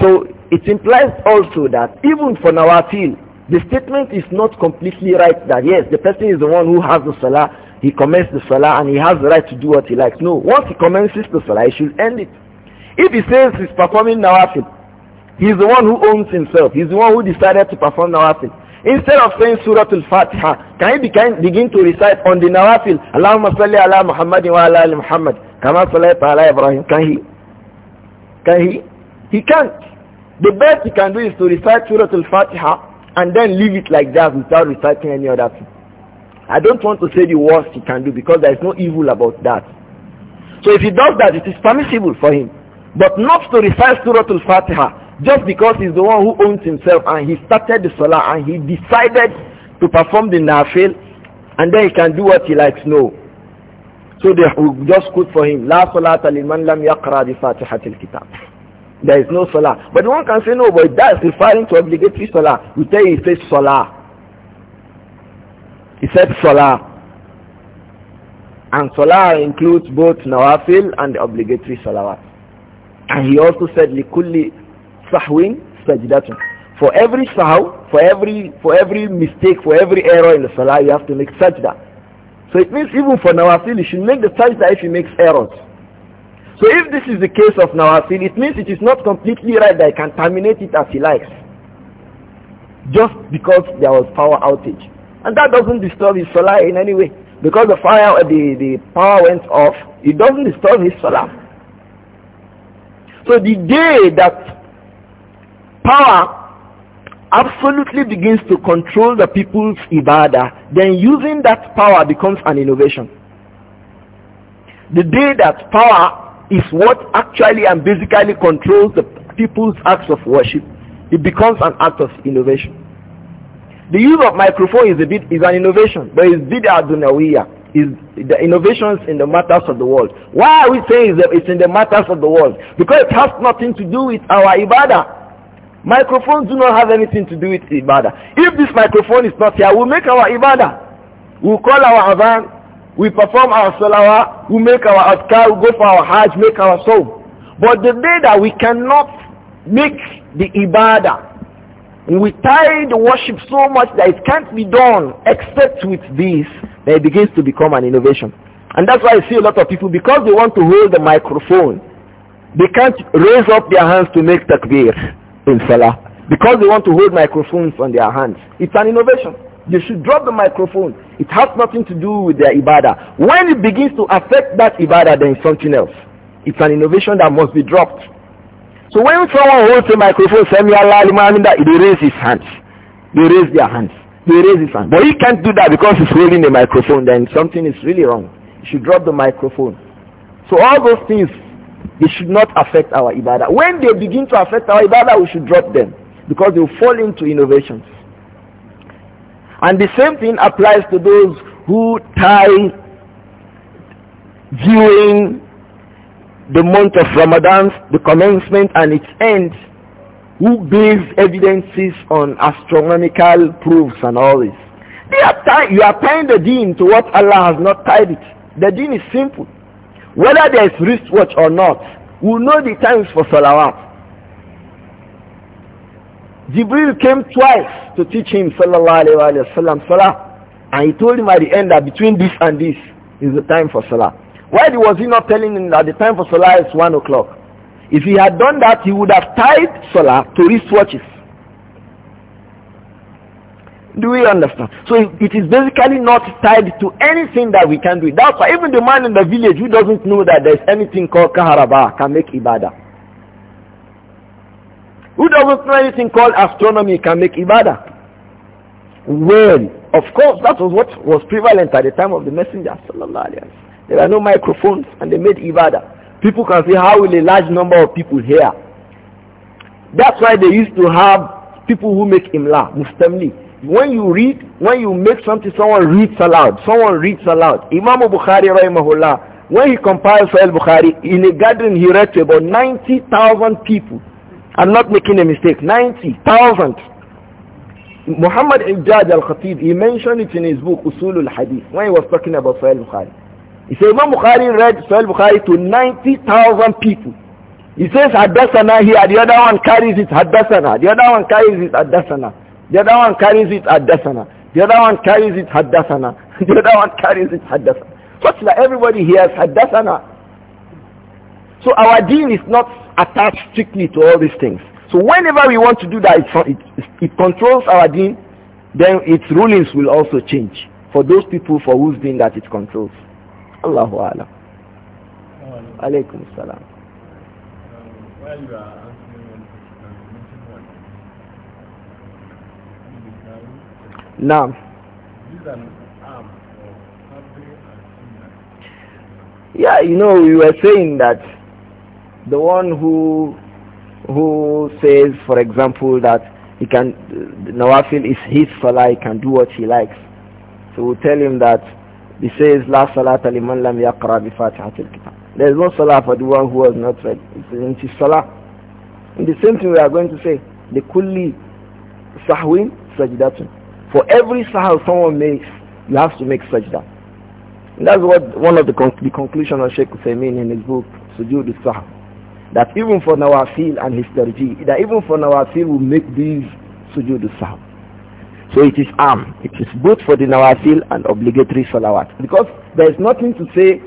B: So it implies also that even for Nawafil, the statement is not completely right that yes, the person is the one who has the Salah, he commences the Salah and he has the right to do what he likes. No, once he commences the Salah, he should end it. If he says he's performing Nawafil, he's the one who owns himself. He's the one who decided to perform Nawafil. Instead of saying Surah Al-Fatiha, can he begin to recite on the Nawafil, Allahumma salli ala Muhammadin wa ala ali Muhammad, kama salli ala Ibrahim? Can he? Can he? He can't. The best you can do is to recite Surah Al-Fatiha and then leave it like that without reciting any other thing. I don't want to say the worst he can do because there is no evil about that. So if he does that, it is permissible for him. But not to recite Surah Al-Fatiha just because he's the one who owns himself and he started the Salah and he decided to perform the Nafil and then he can do what he likes. No. So they will just quote for him, لا صلاة لمن لم يقرأ بفاتحة there is no salah. But one can say, no, but that is referring to obligatory salah. We tell you he says salah. He said salah. And salah includes both nawafil and obligatory salawat. And he also said, likulli sahwin sajidatun. For every sahw, for every, for every mistake, for every error in the salah, you have to make sajda. So it means even for nawafil, you should make the sajda if you make errors. So if this is the case of Nawafil, it means it is not completely right that he can terminate it as he likes. Just because there was power outage. And that doesn't disturb his salah in any way. Because the fire, uh, the, the power went off, it doesn't disturb his salah. So the day that power absolutely begins to control the people's ibadah, then using that power becomes an innovation. The day that power is what actually and basically controls the people's acts of worship. It becomes an act of innovation. The use of microphone is a bit is an innovation, but it's bid'ah dunawiya. Is the innovations in the matters of the world. Why are we saying it's in the matters of the world? Because it has nothing to do with our ibadah. Microphones do not have anything to do with ibadah. If this microphone is not here, we'll make our ibadah. We'll call our adhan, we perform our salawah, we make our adkar, we go for our hajj, make our soul. But the day that we cannot make the ibadah, we tie the worship so much that it can't be done except with this, then it begins to become an innovation. And that's why I see a lot of people, because they want to hold the microphone, they can't raise up their hands to make takbir in salah. Because they want to hold microphones on their hands. It's an innovation. They should drop the microphone. It has nothing to do with their ibadah. When it begins to affect that ibadah, then it's something else. It's an innovation that must be dropped. So when someone holds a microphone, Sami Allah that they raise his hands. They raise their hands. They raise his hands. But he can't do that because he's holding the microphone, then something is really wrong. He should drop the microphone. So all those things, they should not affect our ibadah. When they begin to affect our ibadah, we should drop them because they will fall into innovations. And the same thing applies to those who tie during the month of Ramadan, the commencement and its end, who base evidences on astronomical proofs and all this. Are you are tying the deen to what Allah has not tied it. The deen is simple. Whether there is wristwatch or not, we know the times for salawat. Jibril came twice to teach him sallallahu alayhi wa sallam salah. And he told him at the end that between this and this is the time for salah. Why was he not telling him that the time for salah is 1 o'clock? If he had done that, he would have tied salah to wristwatches. Do we understand? So it is basically not tied to anything that we can do. That's why even the man in the village who doesn't know that there's anything called kaharaba can make ibadah. Who doesn't know anything called astronomy can make ibadah? Well, of course, that was what was prevalent at the time of the messenger. There were no microphones and they made ibadah. People can say, how will a large number of people hear? That's why they used to have people who make imla, mustamli. When you read, when you make something, someone reads aloud. Someone reads aloud. Imam Bukhari, when he compiled Sahih Bukhari, in a garden he read to about 90,000 people. I'm not making a mistake. 90,000. Muhammad al-Jad al-Khatib, he mentioned it in his book, Usul al-Hadith, when he was talking about Sahih Bukhari. He said, Imam Bukhari read Sahih Bukhari to 90,000 people. He says Hadassana here, the other one carries it Hadassana, the other one carries it Hadassana, the other one carries it Hadassana, the other one carries it Hadassana, (laughs) the other one carries it Hadassana. Such that everybody hears Hadassana. So our deal is not attached strictly to all these things. So whenever we want to do that, it, it, it controls our deen, then its rulings will also change for those people for whose deen that it controls. Allahu Alam. Alaykum Salam. Now, yeah, you know, we were saying that the one who who says, for example, that he can Nawafil is his salah, he can do what he likes. So we tell him that he says, La lam yaqra bi kitab. There is no salah for the one who has not read. It's in his salah. the same thing we are going to say, the kulli sahwin sajdatun. For every sahw someone makes, you have to make sajda. And that's what one of the, con the conclusion of Sheikh Uthaymeen in his book, Sujood al-Sahw. That even for Nawafil and his that even for Nawafil will make these sujood sahw. So it is arm. It is both for the Nawafil and obligatory salawat. Because there is nothing to say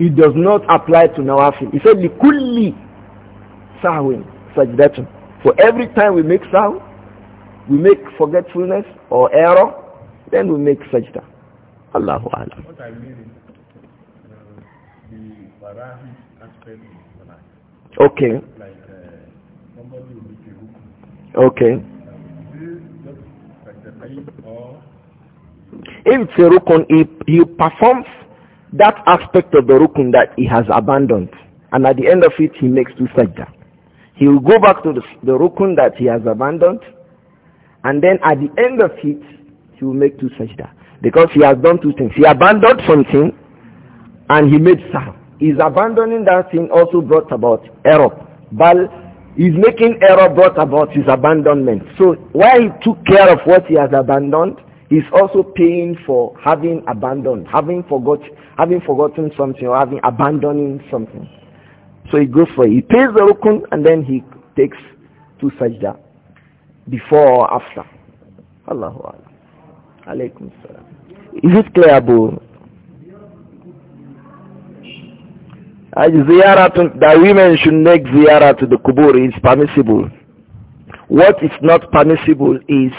B: it does not apply to Nawafil. He said, لِكُلِّ sahwin sajdatun. For every time we make sahw, we make forgetfulness or error, then we make sajda. Allahu Alam. What I mean is uh, the aspect Okay. okay. If the rukun, he, he performs that aspect of the rukun that he has abandoned. And at the end of it, he makes two sajda. He will go back to the, the rukun that he has abandoned. And then at the end of it, he will make two sajda. Because he has done two things. He abandoned something and he made salam is abandoning that thing also brought about error. But is making error brought about his abandonment. So while he took care of what he has abandoned, he's also paying for having abandoned, having forgot, having forgotten something or having abandoning something. So he goes for it. He pays the rukun and then he takes two sajda before or after. Allahu Akbar. Alaykum salam. Is it clear, Abu? And ziyara to, that women should make ziyara to the kubur is permissible. What is not permissible is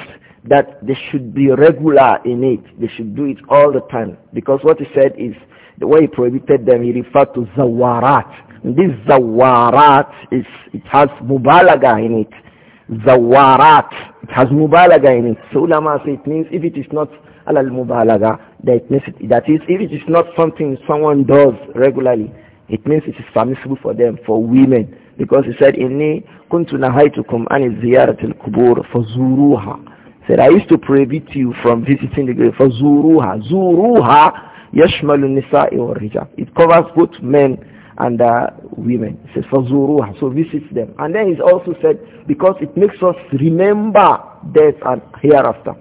B: that they should be regular in it. They should do it all the time. Because what he said is, the way he prohibited them, he referred to zawarat. And this zawarat, is, it has mubalaga in it. Zawarat, it has mubalaga in it. So ulama say it means if it is not alal mubalaga, that it means it, that is, if it is not something someone does regularly, it means it is permissible for them, for women. Because he said, Inni kuntu nahaitukum an ziyaratil kubur fazuruha. He said, I used to prohibit you from visiting the grave. Fazuruha. Zuruha yashmalu nisa'i wa rijal. It covers both men and uh, women. He says, fazuruha. So visit them. And then he also said, because it makes us remember death and hereafter.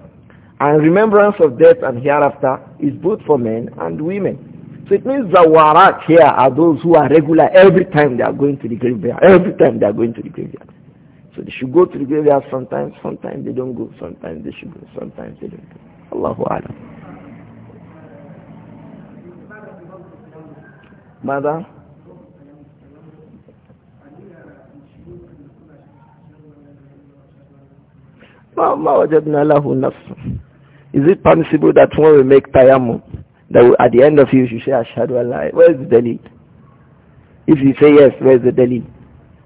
B: And remembrance of death and hereafter is both for men and women. So it means Zawarat here are those who are regular every time they are going to the graveyard. Every time they are going to the graveyard. So they should go to the graveyard sometimes, sometimes they don't go, sometimes they should go, sometimes they don't go. Allahu Alam. Mother? Is it permissible that when we make tayammum, that at the end of you, you should say, Ashadu Allah. Where's the Dalil? If you say yes, where's the Dalil?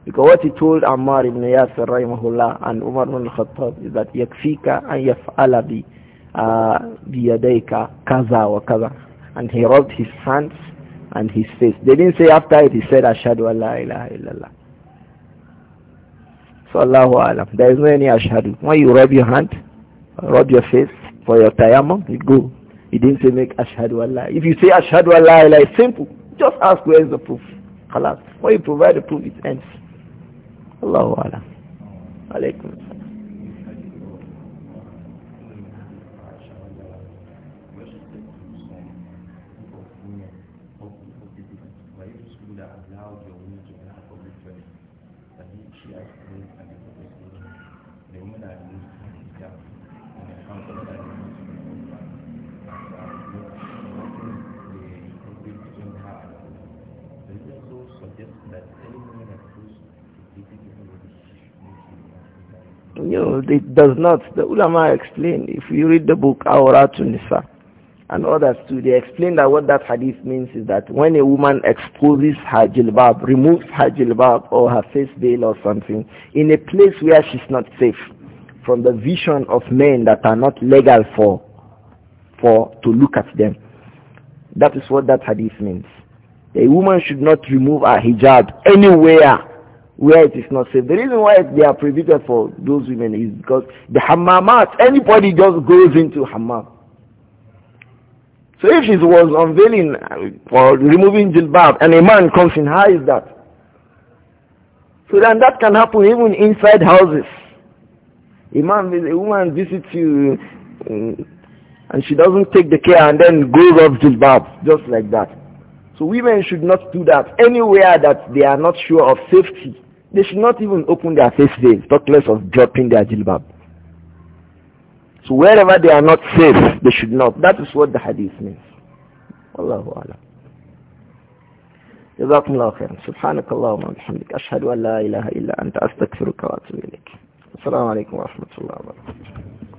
B: Because what he told Ammar ibn Yasir rahimahullah and Umar ibn al-Khattab is that yakfika an yaf'ala bi uh, kaza wa kaza. And he rubbed his hands and his face. They didn't say after it, he said ashadu Allah ilaha illallah. So Allahu alam. There is no any ashadu. When you rub your hand, rub your face for your tayammum, it go. He didn't say make ashhadu Allah. If you say ashhadu Allah, it's simple. Just ask where is the proof. Khalas. When you provide the proof, it ends. Allahu Alam. it does not. The ulama explain, if you read the book Awratun Nisa and others too, they explain that what that hadith means is that when a woman exposes her jilbab, removes her jilbab or her face veil or something, in a place where she's not safe from the vision of men that are not legal for, for to look at them. That is what that hadith means. A woman should not remove her hijab anywhere where it is not safe. The reason why they are prohibited for those women is because the hammamat, anybody just goes into hammam. So if she was unveiling uh, for removing jilbab and a man comes in, how is that? So then that can happen even inside houses. A man, a woman visits you uh, and she doesn't take the care and then goes off jilbab, just like that. So women should not do that anywhere that they are not sure of safety. They should not even open their face veils, talk less of dropping their jilbab. So wherever they are not safe, they should not. That is what the hadith means. Allahu Alam. جزاكم الله خيرا سبحانك اللهم وبحمدك أشهد أن لا إله إلا أنت أستغفرك وأتوب إليك السلام
A: عليكم ورحمة الله وبركاته